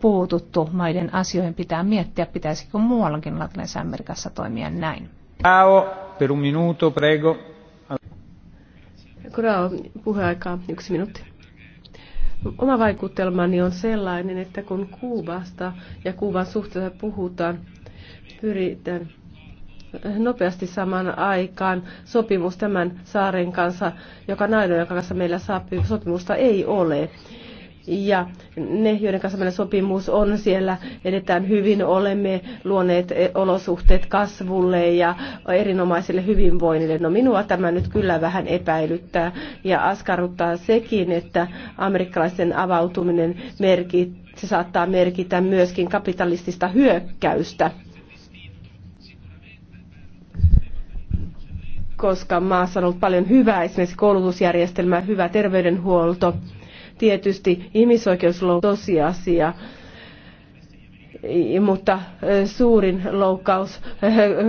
puututtu maiden asioihin, pitää miettiä, pitäisikö muuallakin Latinalaisessa Amerikassa toimia näin. Oma vaikutelmani on sellainen, että kun Kuubasta ja Kuuban suhteesta puhutaan, pyritään nopeasti saman aikaan sopimus tämän saaren kanssa, joka näiden joka kanssa meillä saa sopimusta, ei ole ja ne, joiden kanssa meillä sopimus on, siellä edetään hyvin. Olemme luoneet e, olosuhteet kasvulle ja erinomaiselle hyvinvoinnille. No minua tämä nyt kyllä vähän epäilyttää ja askarruttaa sekin, että amerikkalaisten avautuminen merkit, se saattaa merkitä myöskin kapitalistista hyökkäystä. koska maassa on ollut paljon hyvää, esimerkiksi koulutusjärjestelmä, hyvä terveydenhuolto, tietysti ihmisoikeusloukkaus tosiasia mutta suurin loukkaus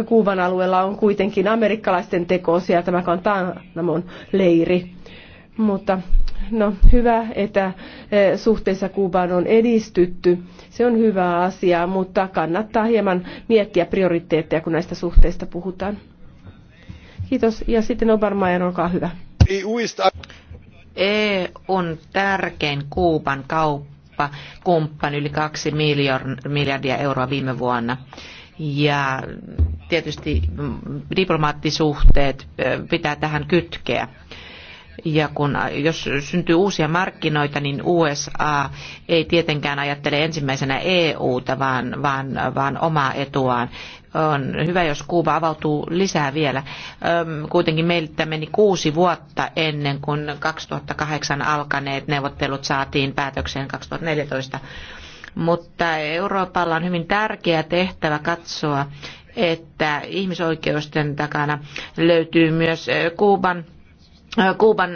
Kuuban alueella on kuitenkin amerikkalaisten tekosia, tämä Guantanamon leiri. Mutta no, hyvä, että suhteessa Kuubaan on edistytty. Se on hyvä asia, mutta kannattaa hieman miettiä prioriteetteja, kun näistä suhteista puhutaan. Kiitos. Ja sitten Obermaier, olkaa hyvä. E EUn tärkein Kuuban kumppani yli kaksi miljardia euroa viime vuonna. Ja tietysti diplomaattisuhteet pitää tähän kytkeä. Ja kun, jos syntyy uusia markkinoita, niin USA ei tietenkään ajattele ensimmäisenä EUta, vaan, vaan, vaan omaa etuaan. On hyvä, jos Kuuba avautuu lisää vielä. Kuitenkin meiltä meni niin kuusi vuotta ennen kuin 2008 alkaneet neuvottelut saatiin päätökseen 2014. Mutta Euroopalla on hyvin tärkeä tehtävä katsoa, että ihmisoikeusten takana löytyy myös Kuuban Kuuban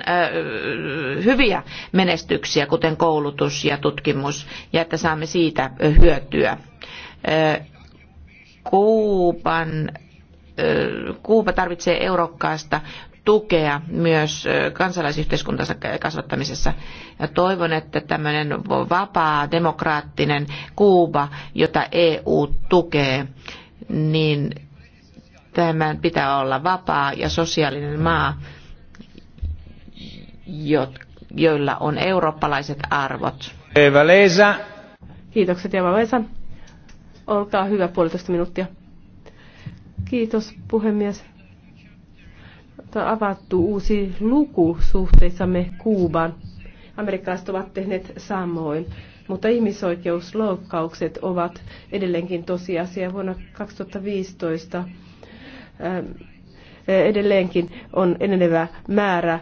hyviä menestyksiä, kuten koulutus ja tutkimus, ja että saamme siitä hyötyä. Kuuban, Kuuba tarvitsee eurokkaasta tukea myös kansalaisyhteiskuntansa kasvattamisessa. Ja toivon, että tämmöinen vapaa, demokraattinen Kuuba, jota EU tukee, niin tämän pitää olla vapaa ja sosiaalinen maa, joilla on eurooppalaiset arvot. Valesa. Kiitokset Eva Valesa. Olkaa hyvä, puolitoista minuuttia. Kiitos, puhemies. On avattu uusi luku suhteissamme Kuuban. Amerikkalaiset ovat tehneet samoin, mutta ihmisoikeusloukkaukset ovat edelleenkin tosiasia. Vuonna 2015 edelleenkin on enenevä määrä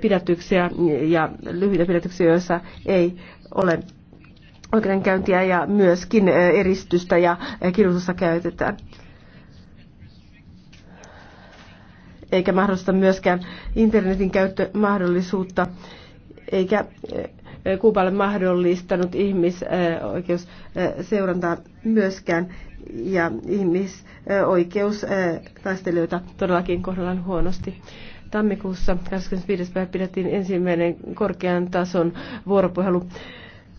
pidätyksiä ja lyhyitä pidätyksiä, joissa ei ole oikeudenkäyntiä ja myöskin eristystä ja kidutusta käytetään. Eikä mahdollista myöskään internetin käyttömahdollisuutta, eikä Kuuballe mahdollistanut ihmisoikeusseurantaa myöskään ja ihmisoikeustaistelijoita todellakin kohdellaan huonosti. Tammikuussa 25. päivä pidettiin ensimmäinen korkean tason vuoropuhelu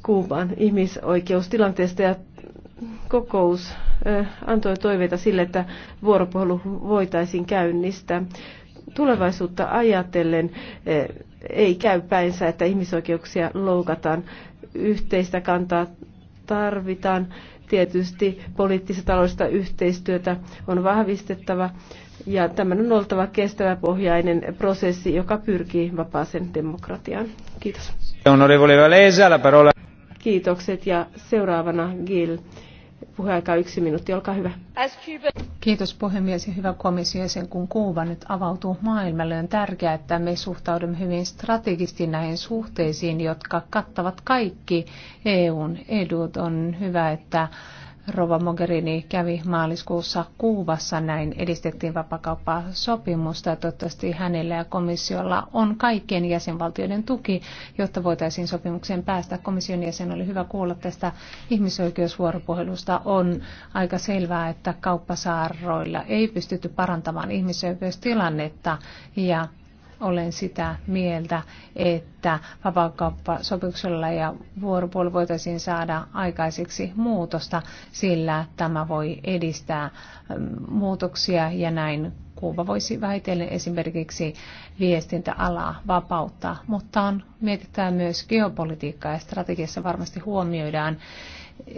Kuuban ihmisoikeustilanteesta ja kokous antoi toiveita sille, että vuoropuhelu voitaisiin käynnistää. Tulevaisuutta ajatellen ei käy päinsä, että ihmisoikeuksia loukataan. Yhteistä kantaa tarvitaan. Tietysti poliittista taloudellista yhteistyötä on vahvistettava ja tämän on oltava kestäväpohjainen prosessi, joka pyrkii vapaaseen demokratiaan. Kiitos. Valesa, la parola. Kiitokset ja seuraavana Gil. Puheaika yksi minuutti, olkaa hyvä. Kiitos puhemies ja hyvä komissio sen, kun Kuuba nyt avautuu maailmalle. On tärkeää, että me suhtaudumme hyvin strategisesti näihin suhteisiin, jotka kattavat kaikki EUn edut. On hyvä, että Rova Mogherini kävi maaliskuussa Kuubassa, näin edistettiin vapakauppaa sopimusta toivottavasti hänellä ja komissiolla on kaikkien jäsenvaltioiden tuki, jotta voitaisiin sopimukseen päästä. Komission jäsen oli hyvä kuulla tästä ihmisoikeusvuoropuhelusta. On aika selvää, että kauppasaarroilla ei pystytty parantamaan ihmisoikeustilannetta ja olen sitä mieltä, että vapaakauppasopimuksella ja vuoropuolella voitaisiin saada aikaiseksi muutosta, sillä tämä voi edistää muutoksia ja näin Kuuba voisi vähitellen esimerkiksi viestintäalaa vapauttaa, mutta on mietitään myös geopolitiikkaa ja strategiassa varmasti huomioidaan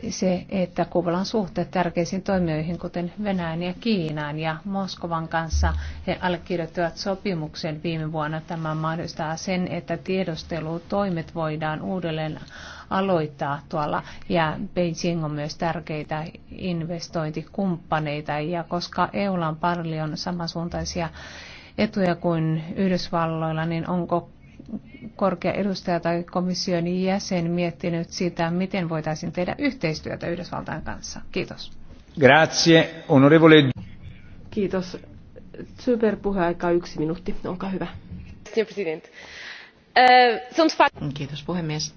se, että Kuubalan suhteet tärkeisiin toimijoihin, kuten Venäjän ja Kiinaan ja Moskovan kanssa, he allekirjoittivat sopimuksen viime vuonna. Tämä mahdollistaa sen, että tiedustelutoimet voidaan uudelleen aloittaa tuolla. Ja Beijing on myös tärkeitä investointikumppaneita. Ja koska EUlla on paljon samansuuntaisia etuja kuin Yhdysvalloilla, niin onko korkea edustaja tai komission jäsen miettinyt sitä, miten voitaisiin tehdä yhteistyötä Yhdysvaltain kanssa? Kiitos. Grazie, onorevole. Kiitos. Super puheaika yksi minuutti, olkaa hyvä. Eh, Kiitos puhemies.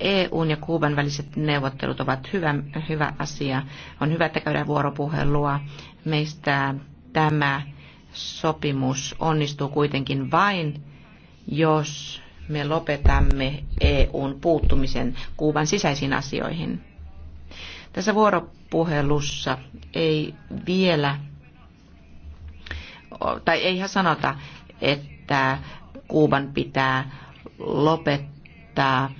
EUn ja Kuuban väliset neuvottelut ovat hyvä, hyvä asia. On hyvä, että käydään vuoropuhelua. Meistä tämä sopimus onnistuu kuitenkin vain, jos me lopetamme EUn puuttumisen Kuuban sisäisiin asioihin. Tässä vuoropuhelussa ei vielä, tai eihän sanota, että Kuuban pitää lopettaa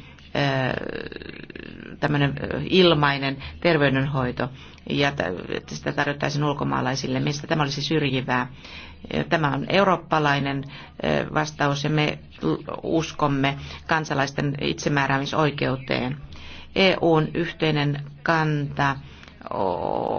tämmöinen ilmainen terveydenhoito ja että sitä tarjottaisiin ulkomaalaisille. Mistä tämä olisi syrjivää Tämä on eurooppalainen vastaus ja me uskomme kansalaisten itsemääräämisoikeuteen. EUn yhteinen kanta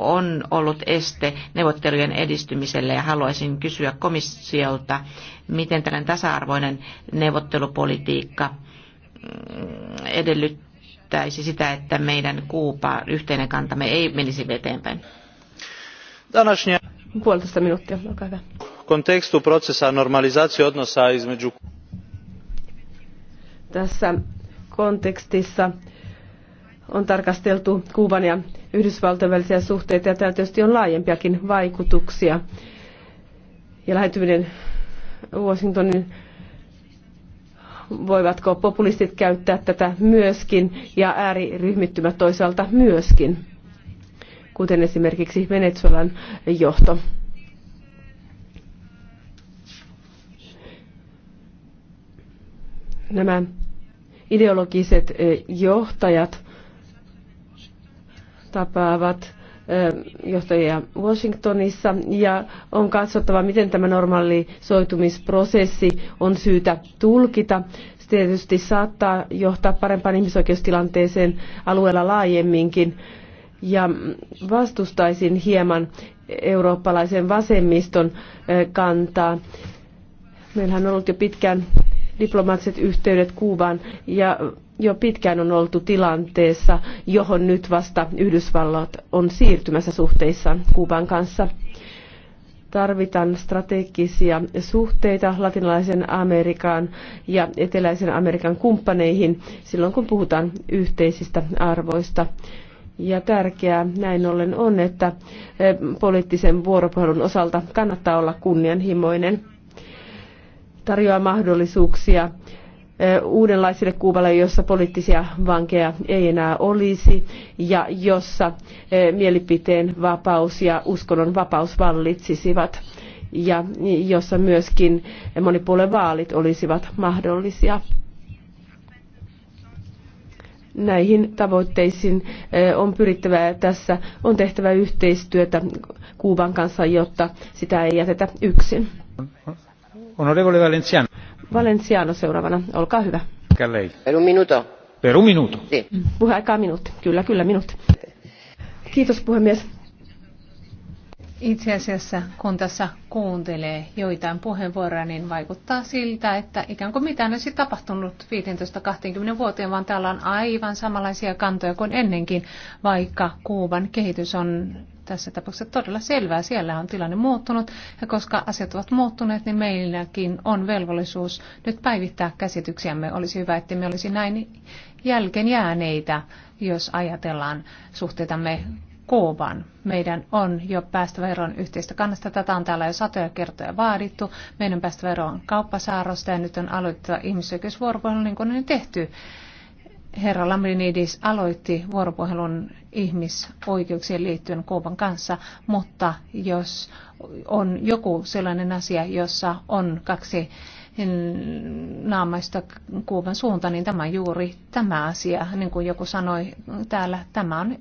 on ollut este neuvottelujen edistymiselle ja haluaisin kysyä komissiolta, miten tällainen tasa-arvoinen neuvottelupolitiikka mm, edellyttäisi sitä, että meidän kuupa yhteinen kantamme ei menisi eteenpäin. Puolitoista minuuttia, olkaa hyvä kontekstu procesa normalizacije odnosa između tässä kontekstissa on tarkasteltu Kuuban ja Yhdysvaltojen välisiä suhteita ja tietysti on laajempiakin vaikutuksia. Ja lähentyminen Washingtonin voivatko populistit käyttää tätä myöskin ja ääriryhmittymät toisaalta myöskin, kuten esimerkiksi Venezuelan johto. Nämä ideologiset johtajat tapaavat johtajia Washingtonissa ja on katsottava, miten tämä normaali soitumisprosessi on syytä tulkita. Se tietysti saattaa johtaa parempaan ihmisoikeustilanteeseen alueella laajemminkin. Ja vastustaisin hieman eurooppalaisen vasemmiston kantaa. Meillähän on ollut jo pitkään diplomaattiset yhteydet Kuubaan ja jo pitkään on oltu tilanteessa, johon nyt vasta Yhdysvallat on siirtymässä suhteissa Kuuban kanssa. Tarvitaan strategisia suhteita latinalaisen Amerikan ja eteläisen Amerikan kumppaneihin silloin, kun puhutaan yhteisistä arvoista. Ja tärkeää näin ollen on, että eh, poliittisen vuoropuhelun osalta kannattaa olla kunnianhimoinen tarjoaa mahdollisuuksia uudenlaisille Kuuballe, jossa poliittisia vankeja ei enää olisi ja jossa mielipiteen vapaus ja uskonnon vapaus vallitsisivat ja jossa myöskin monipuoluevaalit olisivat mahdollisia. Näihin tavoitteisiin on pyrittävä ja tässä on tehtävä yhteistyötä Kuuban kanssa, jotta sitä ei jätetä yksin. Onorevole Valenciano. Valenciano seuraavana, olkaa hyvä. Källei. Per un minuto. Per un minuto. Si. Puheaikaa minuutti, kyllä, kyllä minuutti. Kiitos puhemies itse asiassa kun tässä kuuntelee joitain puheenvuoroja, niin vaikuttaa siltä, että ikään kuin mitään olisi tapahtunut 15-20 vuoteen, vaan täällä on aivan samanlaisia kantoja kuin ennenkin, vaikka Kuuban kehitys on tässä tapauksessa todella selvää. Siellä on tilanne muuttunut ja koska asiat ovat muuttuneet, niin meilläkin on velvollisuus nyt päivittää käsityksiämme. Olisi hyvä, että me olisi näin jälkeen jääneitä, jos ajatellaan suhteitamme Kuuban. Meidän on jo päästävä eroon yhteistä kannasta. Tätä on täällä jo satoja kertoja vaadittu. Meidän on päästävä eroon kauppasaarosta ja nyt on aloitettava ihmisoikeusvuoropuhelu niin kuin on tehty. Herra Lamrinidis aloitti vuoropuhelun ihmisoikeuksien liittyen Kuuban kanssa, mutta jos on joku sellainen asia, jossa on kaksi naamaista Kuuban suunta, niin tämä on juuri tämä asia. Niin kuin joku sanoi täällä, tämä on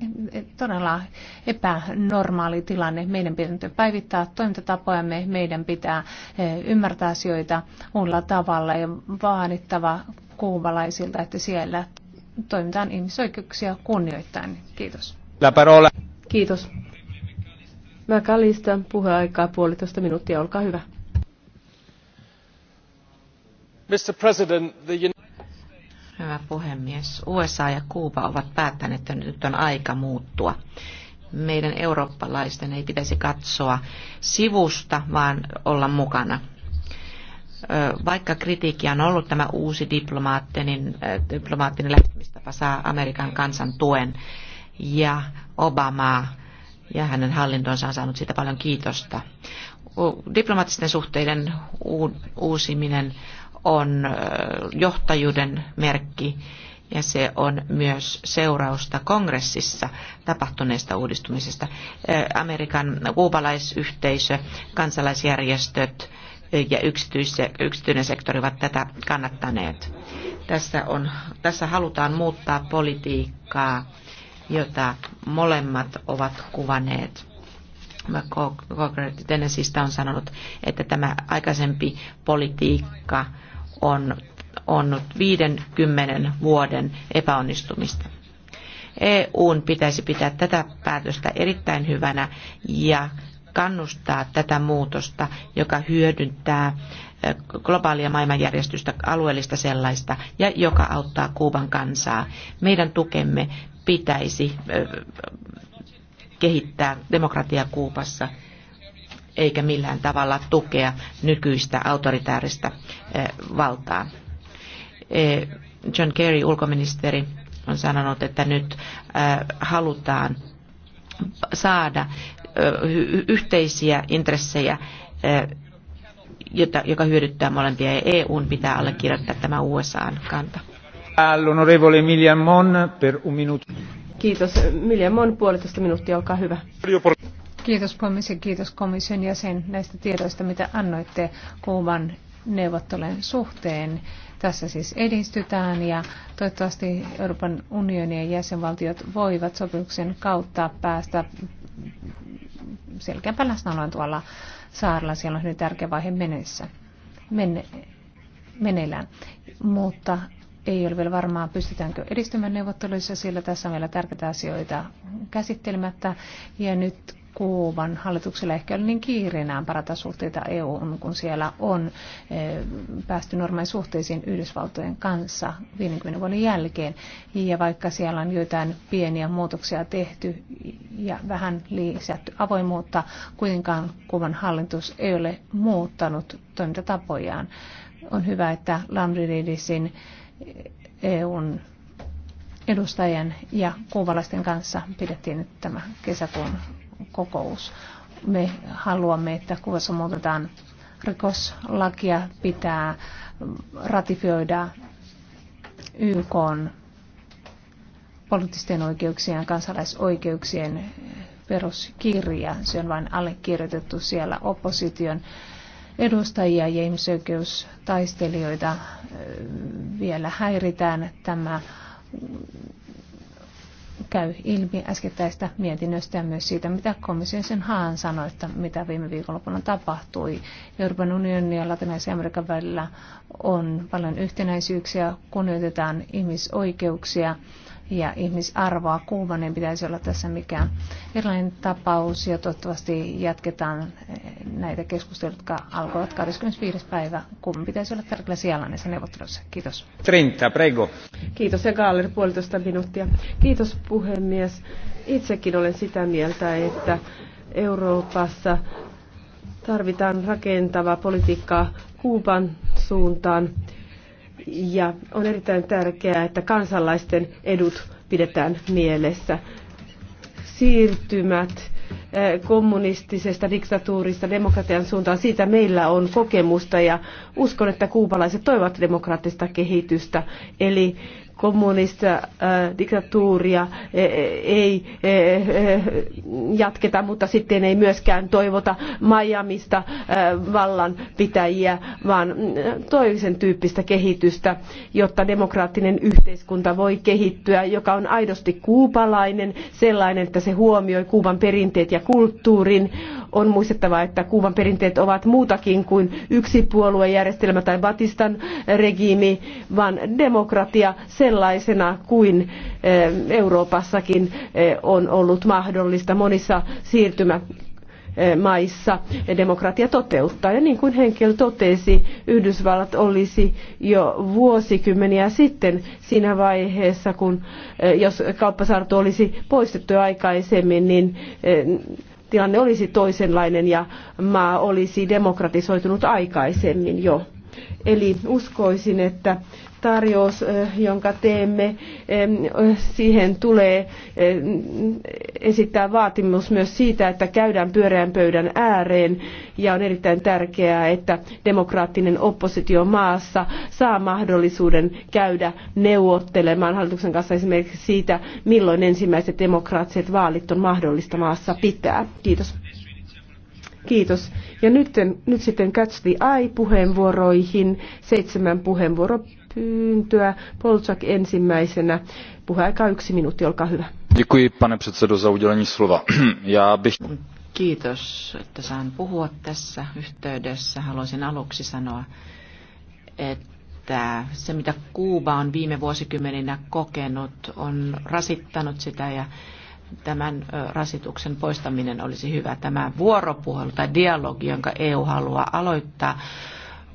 todella epänormaali tilanne. Meidän pitää päivittää toimintatapojamme, meidän pitää eh, ymmärtää asioita uudella tavalla ja vaadittava kuubalaisilta, että siellä toimitaan ihmisoikeuksia kunnioittain. Kiitos. La parola. Kiitos. Mä kalistan puheaikaa puolitoista minuuttia, olkaa hyvä. Hyvä puhemies. USA ja Kuuba ovat päättäneet, että nyt on aika muuttua. Meidän eurooppalaisten ei pitäisi katsoa sivusta, vaan olla mukana vaikka kritiikkiä on ollut tämä uusi diplomaattinen, diplomaattinen lähestymistapa saa Amerikan kansan tuen ja Obamaa ja hänen hallintonsa on saanut siitä paljon kiitosta. Diplomaattisten suhteiden uusiminen on johtajuuden merkki ja se on myös seurausta kongressissa tapahtuneesta uudistumisesta. Amerikan kuubalaisyhteisö, kansalaisjärjestöt ja yksityinen sektori ovat tätä kannattaneet. Tässä, on, tässä halutaan muuttaa politiikkaa, jota molemmat ovat kuvaneet. Kogret Tennesseeistä on sanonut, että tämä aikaisempi politiikka on, on 50 vuoden epäonnistumista. EUn pitäisi pitää tätä päätöstä erittäin hyvänä ja kannustaa tätä muutosta, joka hyödyntää globaalia maailmanjärjestystä, alueellista sellaista, ja joka auttaa Kuuban kansaa. Meidän tukemme pitäisi kehittää demokratiaa Kuubassa eikä millään tavalla tukea nykyistä autoritaarista eh, valtaa. Eh, John Kerry, ulkoministeri, on sanonut, että nyt eh, halutaan saada yhteisiä intressejä jota, joka hyödyttää molempia ja EUn pitää allekirjoittaa tämä USAn kanta. All'onorevole Emilia Mon per un minuto. Kiitos. Miljan Mon, puolitoista minuuttia, olkaa hyvä. Kiitos puhemies ja kiitos komission jäsen näistä tiedoista, mitä annoitte Kuuban neuvottelujen suhteen. Tässä siis edistytään ja toivottavasti Euroopan unionin ja jäsenvaltiot voivat sopimuksen kautta päästä selkeämpänä sanoin tuolla saarella. Siellä on hyvin tärkeä vaihe menessä, menne, meneillään. Mutta ei ole vielä varmaa, pystytäänkö edistymään neuvotteluissa, sillä tässä on vielä tärkeitä asioita käsittelemättä. Ja nyt Kuuban hallituksella ehkä ole niin kiireenään parata suhteita on kun siellä on eh, päästy normaaliin suhteisiin Yhdysvaltojen kanssa 50 vuoden jälkeen. Ja vaikka siellä on joitain pieniä muutoksia tehty ja vähän lisätty avoimuutta, kuitenkaan Kuuban hallitus ei ole muuttanut toimintatapojaan. On hyvä, että Lambrinidsin eh, EUn edustajien ja kuuvalaisten kanssa pidettiin nyt tämä kesäkuun kokous. Me haluamme, että kuvassa muutetaan rikoslakia, pitää ratifioida YK poliittisten oikeuksien ja kansalaisoikeuksien peruskirja. Se on vain allekirjoitettu siellä opposition edustajia ja ihmisoikeustaistelijoita vielä häiritään. Tämä käy ilmi äskettäistä mietinnöstä ja myös siitä, mitä komission sen Haan sanoi, että mitä viime viikonloppuna tapahtui. Euroopan unionin ja Latinalaisen Amerikan välillä on paljon yhtenäisyyksiä, kunnioitetaan ihmisoikeuksia ja ihmisarvoa. Kuubanen niin pitäisi olla tässä mikään erilainen tapaus ja toivottavasti jatketaan eh, näitä keskusteluja, jotka alkoivat 25. päivä. kun pitäisi olla tärkeällä siellä näissä neuvotteluissa. Kiitos. Trinta, prego. Kiitos ja Gaaler puolitoista minuuttia. Kiitos puhemies. Itsekin olen sitä mieltä, että Euroopassa tarvitaan rakentavaa politiikkaa Kuuban suuntaan. Ja on erittäin tärkeää, että kansalaisten edut pidetään mielessä. Siirtymät eh, kommunistisesta diktatuurista demokratian suuntaan, siitä meillä on kokemusta ja uskon, että kuubalaiset toivat demokraattista kehitystä. Eli kommunista äh, diktatuuria äh, ei äh, jatketa, mutta sitten ei myöskään toivota Miamista vallanpitäjiä, vaan toisen tyyppistä kehitystä, jotta demokraattinen yhteiskunta voi kehittyä, joka on aidosti kuupalainen, sellainen, että se huomioi Kuuban perinteet ja kulttuurin, on muistettava, että Kuuban perinteet ovat muutakin kuin yksipuoluejärjestelmä tai Batistan regiimi, vaan demokratia sellaisena kuin eh, Euroopassakin eh, on ollut mahdollista monissa siirtymä eh, maissa demokratia toteuttaa. Ja niin kuin Henkel totesi, Yhdysvallat olisi jo vuosikymmeniä sitten siinä vaiheessa, kun jos kauppasaarto olisi poistettu aikaisemmin, niin tilanne olisi toisenlainen ja maa olisi demokratisoitunut aikaisemmin jo. Eli uskoisin, että tarjous, eh, jonka teemme, siihen tulee esittää vaatimus myös siitä, että käydään pyöreän pöydän ääreen ja on erittäin tärkeää, että demokraattinen oppositio maassa saa mahdollisuuden käydä neuvottelemaan hallituksen kanssa esimerkiksi siitä, milloin ensimmäiset demokraattiset vaalit on mahdollista maassa pitää. Kiitos. Kiitos. Ja nyt, nyt sitten Catch the Eye-puheenvuoroihin. Seitsemän puheenvuoro pyyntöä. Polczak ensimmäisenä. Puheaika yksi minuutti, olkaa hyvä. Děkuji, pane předsedo, za udělení slova. Já bych... Kiitos, että saan puhua tässä yhteydessä. Haluaisin aluksi sanoa, että se mitä Kuuba on viime vuosikymmeninä kokenut, on rasittanut sitä ja tämän rasituksen poistaminen olisi hyvä. Tämä vuoropuhelu tai dialogi, jonka EU haluaa aloittaa,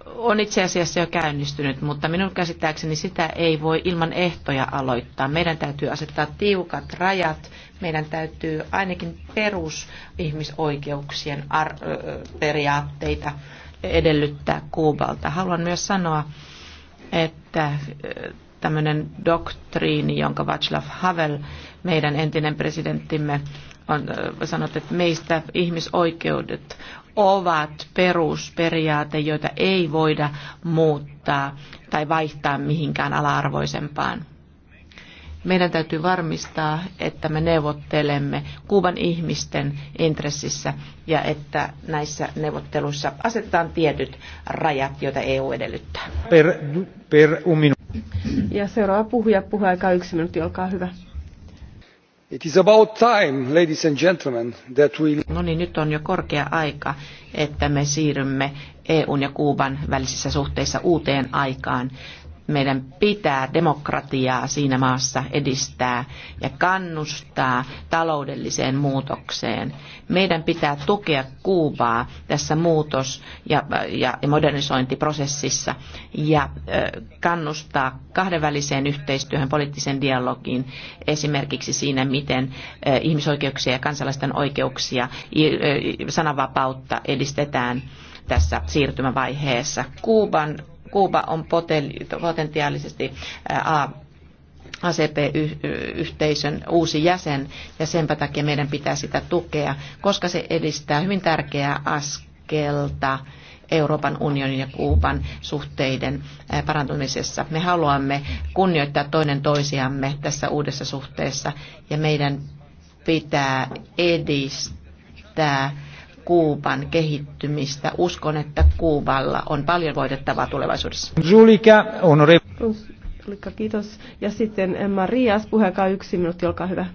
on itse asiassa jo käynnistynyt, mutta minun käsittääkseni sitä ei voi ilman ehtoja aloittaa. Meidän täytyy asettaa tiukat rajat, meidän täytyy ainakin perusihmisoikeuksien periaatteita edellyttää Kuubalta. Haluan myös sanoa, että tämmöinen doktriini, jonka Václav Havel, meidän entinen presidenttimme, on äh, sanottu, että meistä ihmisoikeudet ovat perusperiaate, joita ei voida muuttaa tai vaihtaa mihinkään ala-arvoisempaan. Meidän täytyy varmistaa, että me neuvottelemme Kuuban ihmisten intressissä ja että näissä neuvotteluissa asetetaan tietyt rajat, joita EU edellyttää. Per, per ja seuraava puhuja, puheaika yksi minuutti, olkaa hyvä. It is about time, ladies and gentlemen, that we... No niin, nyt on jo korkea aika, että me siirrymme EUn ja Kuuban välisissä suhteissa uuteen aikaan. Meidän pitää demokratiaa siinä maassa edistää ja kannustaa taloudelliseen muutokseen. Meidän pitää tukea Kuubaa tässä muutos- ja, ja modernisointiprosessissa ja kannustaa kahdenväliseen yhteistyöhön, poliittiseen dialogiin, esimerkiksi siinä, miten ihmisoikeuksia ja kansalaisten oikeuksia, sananvapautta edistetään tässä siirtymävaiheessa. Kuuban Kuuba on potentiaalisesti ACP-yhteisön uusi jäsen ja senpä takia meidän pitää sitä tukea, koska se edistää hyvin tärkeää askelta Euroopan unionin ja Kuuban suhteiden parantumisessa. Me haluamme kunnioittaa toinen toisiamme tässä uudessa suhteessa ja meidän pitää edistää Kuuban kehittymistä. Uskon, että Kuuballa on paljon voitettavaa tulevaisuudessa. Julika, onore. Julika, kiitos. Ja sitten Maria, puheenkaan yksi minuutti, olkaa hyvä.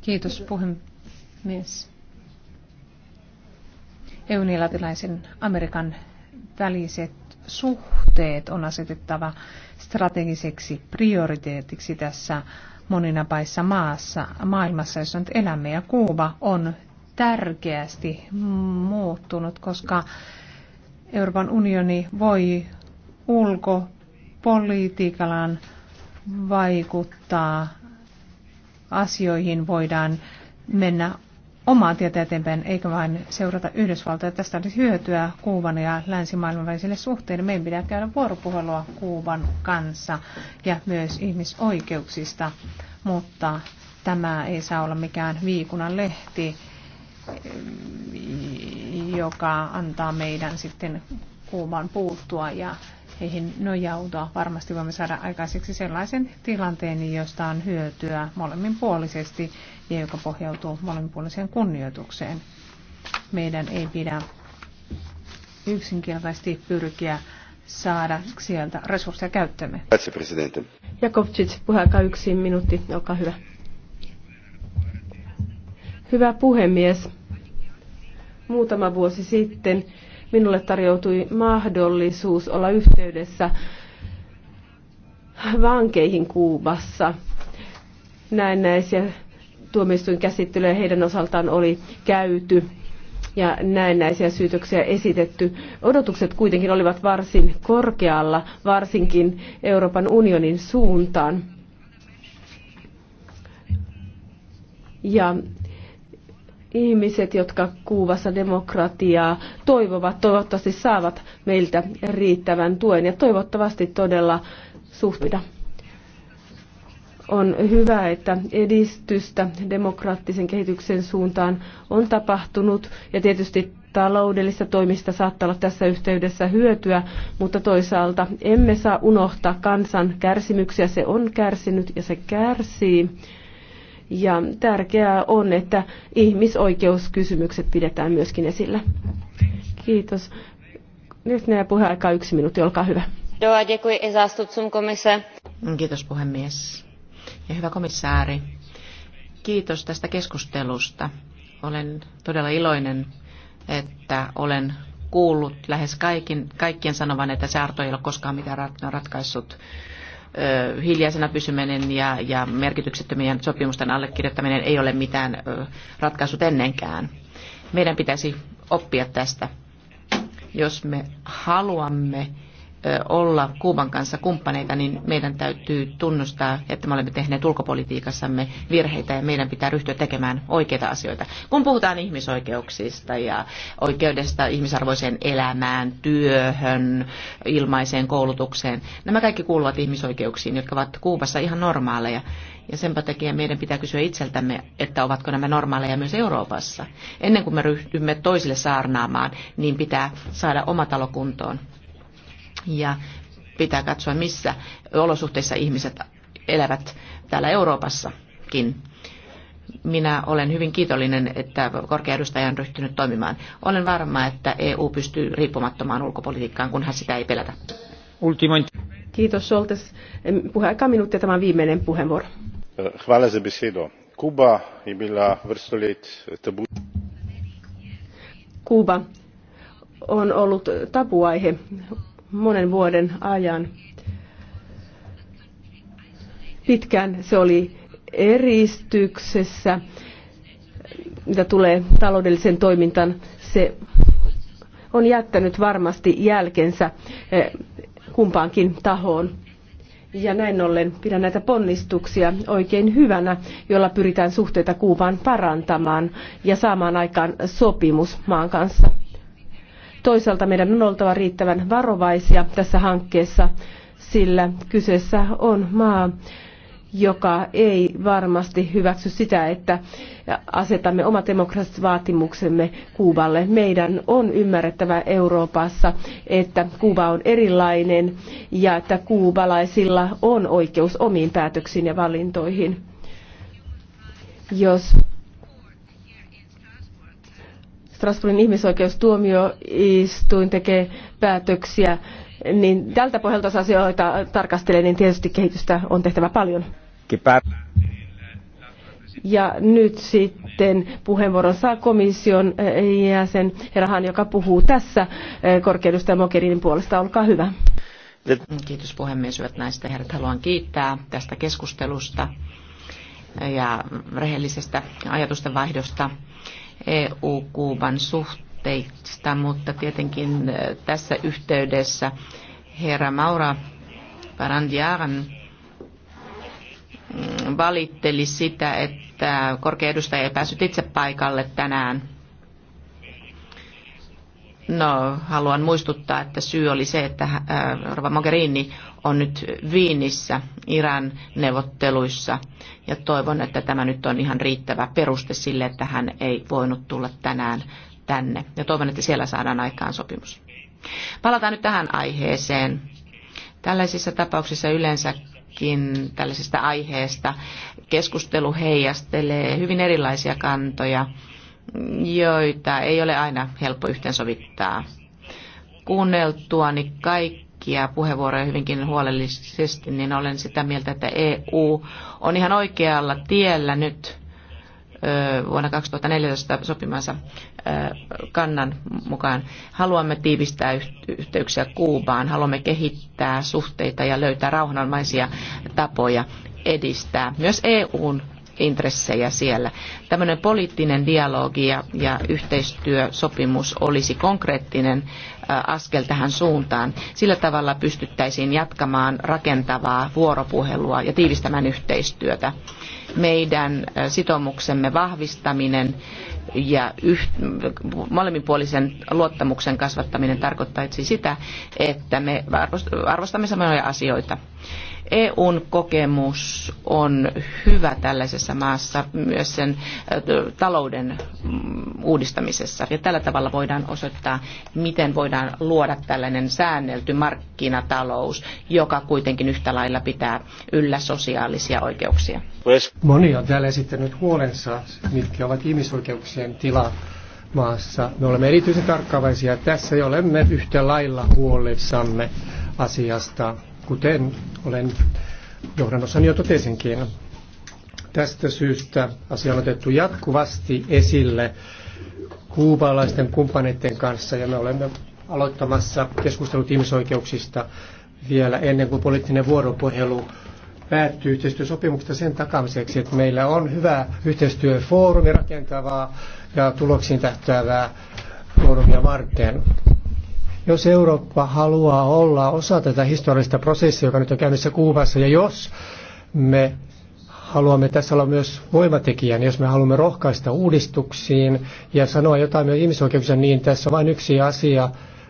Kiitos puhemies. Eunilatilaisen Amerikan väliset suhteet on asetettava strategiseksi prioriteetiksi tässä moninapaissa maassa, maailmassa, jossa nyt elämme. Ja Kuuba on tärkeästi muuttunut, koska Euroopan unioni voi ulkopolitiikallaan vaikuttaa asioihin, voidaan mennä omaa tietä eteenpäin, eikä vain seurata Yhdysvaltoja. Tästä olisi hyötyä Kuuban ja länsimaailman välisille suhteille. Meidän pitää käydä vuoropuhelua Kuuban kanssa ja myös ihmisoikeuksista, mutta tämä ei saa olla mikään viikunan lehti joka antaa meidän sitten kuuman puuttua ja heihin nojautua. Varmasti voimme saada aikaiseksi sellaisen tilanteen, josta on hyötyä molemminpuolisesti ja joka pohjautuu molemminpuoliseen kunnioitukseen. Meidän ei pidä yksinkertaisesti pyrkiä saada sieltä resursseja käyttöömme. Jakovcic, puheaika yksi minuutti, olkaa hyvä. Hyvä puhemies muutama vuosi sitten minulle tarjoutui mahdollisuus olla yhteydessä vankeihin Kuubassa. Näennäisiä tuomioistuinkäsittelyjä heidän osaltaan oli käyty ja näennäisiä syytöksiä esitetty. Odotukset kuitenkin olivat varsin korkealla, varsinkin Euroopan unionin suuntaan. Ja ihmiset, jotka Kuuvassa demokratiaa toivovat, toivottavasti saavat meiltä riittävän tuen ja toivottavasti todella suhtida. On hyvä, että edistystä demokraattisen kehityksen suuntaan on tapahtunut ja tietysti taloudellista toimista saattaa olla tässä yhteydessä hyötyä, mutta toisaalta emme saa unohtaa kansan kärsimyksiä. Se on kärsinyt ja se kärsii. Ja tärkeää on, että ihmisoikeuskysymykset pidetään myöskin esillä. Kiitos. Nyt nämä puheaikaa yksi minuutti, olkaa hyvä. Kiitos puhemies. Ja hyvä komissaari, kiitos tästä keskustelusta. Olen todella iloinen, että olen kuullut lähes kaikin, kaikkien sanovan, että saarto ei ole koskaan mitään no, ratkaissut hiljaisena pysyminen ja, ja merkityksettömien sopimusten allekirjoittaminen ei ole mitään ratkaisut ennenkään. Meidän pitäisi oppia tästä, jos me haluamme olla Kuuban kanssa kumppaneita, niin meidän täytyy tunnustaa, että me olemme tehneet ulkopolitiikassamme virheitä ja meidän pitää ryhtyä tekemään oikeita asioita. Kun puhutaan ihmisoikeuksista ja oikeudesta ihmisarvoiseen elämään, työhön, ilmaiseen koulutukseen, nämä kaikki kuuluvat ihmisoikeuksiin, jotka ovat Kuubassa ihan normaaleja. Ja sen takia meidän pitää kysyä itseltämme, että ovatko nämä normaaleja myös Euroopassa. Ennen kuin me ryhdymme toisille saarnaamaan, niin pitää saada oma talo kuntoon ja pitää katsoa, missä olosuhteissa ihmiset elävät täällä Euroopassakin. Minä olen hyvin kiitollinen, että korkea edustaja on ryhtynyt toimimaan. Olen varma, että EU pystyy riippumattomaan ulkopolitiikkaan, kunhan sitä ei pelätä. Ultimointi. Kiitos Soltes. Puheaika minuuttia tämän viimeinen puheenvuoro. Hvala Kuba tabu. Kuba on ollut tabuaihe monen vuoden ajan. Pitkään se oli eristyksessä, mitä tulee taloudellisen toimintaan. Se on jättänyt varmasti jälkensä eh, kumpaankin tahoon. Ja näin ollen pidän näitä ponnistuksia oikein hyvänä, jolla pyritään suhteita Kuubaan parantamaan ja saamaan aikaan sopimus maan kanssa. Toisaalta meidän on oltava riittävän varovaisia tässä hankkeessa, sillä kyseessä on maa, joka ei varmasti hyväksy sitä, että asetamme omat demokraattiset vaatimuksemme Kuuballe. Meidän on ymmärrettävä Euroopassa, että Kuuba on erilainen ja että kuubalaisilla on oikeus omiin päätöksiin ja valintoihin. Jos Strasbourgin ihmisoikeustuomioistuin tekee päätöksiä, niin tältä pohjalta jos asioita tarkastelee, niin tietysti kehitystä on tehtävä paljon. Ja nyt sitten puheenvuoron saa komission eh, jäsen Herahan, joka puhuu tässä eh, korkeudusta Mokerinin puolesta. Olkaa hyvä. Kiitos puhemies, hyvät naiset ja herrat. Haluan kiittää tästä keskustelusta ja rehellisestä ajatusten vaihdosta. EU-Kuuban suhteista, mutta tietenkin äh, tässä yhteydessä herra Maura Barandiaran mm, valitteli sitä, että korkea edustaja ei päässyt itse paikalle tänään No, haluan muistuttaa, että syy oli se, että äh, Rova Mogherini on nyt Viinissä Iran neuvotteluissa ja toivon, että tämä nyt on ihan riittävä peruste sille, että hän ei voinut tulla tänään tänne. Ja toivon, että siellä saadaan aikaan sopimus. Palataan nyt tähän aiheeseen. Tällaisissa tapauksissa yleensäkin tällaisesta aiheesta keskustelu heijastelee hyvin erilaisia kantoja joita ei ole aina helppo yhteensovittaa. Kuunneltuani kaikkia puheenvuoroja hyvinkin huolellisesti, niin olen sitä mieltä, että EU on ihan oikealla tiellä nyt vuonna 2014 sopimansa kannan mukaan. Haluamme tiivistää yhteyksiä Kuubaan, haluamme kehittää suhteita ja löytää rauhanomaisia tapoja edistää myös EUn intressejä siellä. Tämmöinen poliittinen dialogi ja, ja yhteistyösopimus olisi konkreettinen askel tähän suuntaan. Sillä tavalla pystyttäisiin jatkamaan rakentavaa vuoropuhelua ja tiivistämään yhteistyötä. Meidän sitoumuksemme vahvistaminen ja yh- molemminpuolisen luottamuksen kasvattaminen tarkoittaisi sitä, että me arvostamme samoja asioita. EUn kokemus on hyvä tällaisessa maassa myös sen äh, talouden mm, uudistamisessa. Ja tällä tavalla voidaan osoittaa, miten voidaan luoda tällainen säännelty markkinatalous, joka kuitenkin yhtä lailla pitää yllä sosiaalisia oikeuksia. Moni on täällä esittänyt huolensa, mitkä ovat ihmisoikeuksien tila maassa. Me olemme erityisen tarkkaavaisia tässä ja olemme yhtä lailla huolissamme asiasta kuten olen johdannossani jo totesinkin. Tästä syystä asia on otettu jatkuvasti esille kuubalaisten kumppaneiden kanssa ja me olemme aloittamassa keskustelut ihmisoikeuksista vielä ennen kuin poliittinen vuoropuhelu päättyy yhteistyösopimuksesta sen takamiseksi, että meillä on hyvä yhteistyöfoorumi rakentavaa ja tuloksiin tähtäävää foorumia varten. Jos Eurooppa haluaa olla osa tätä historiallista prosessia, joka nyt on käynnissä Kuubassa, ja jos me haluamme tässä olla myös voimatekijän, niin jos me haluamme rohkaista uudistuksiin ja sanoa jotain myös ihmisoikeuksia, niin tässä on vain yksi asia,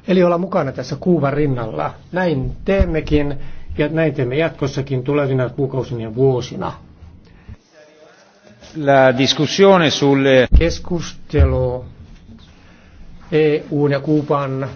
eli olla mukana tässä Kuuban rinnalla. Näin teemmekin ja näin teemme jatkossakin tulevina kuukausina ja vuosina. La discussione sulle... Keskustelu EUn ja Kuuban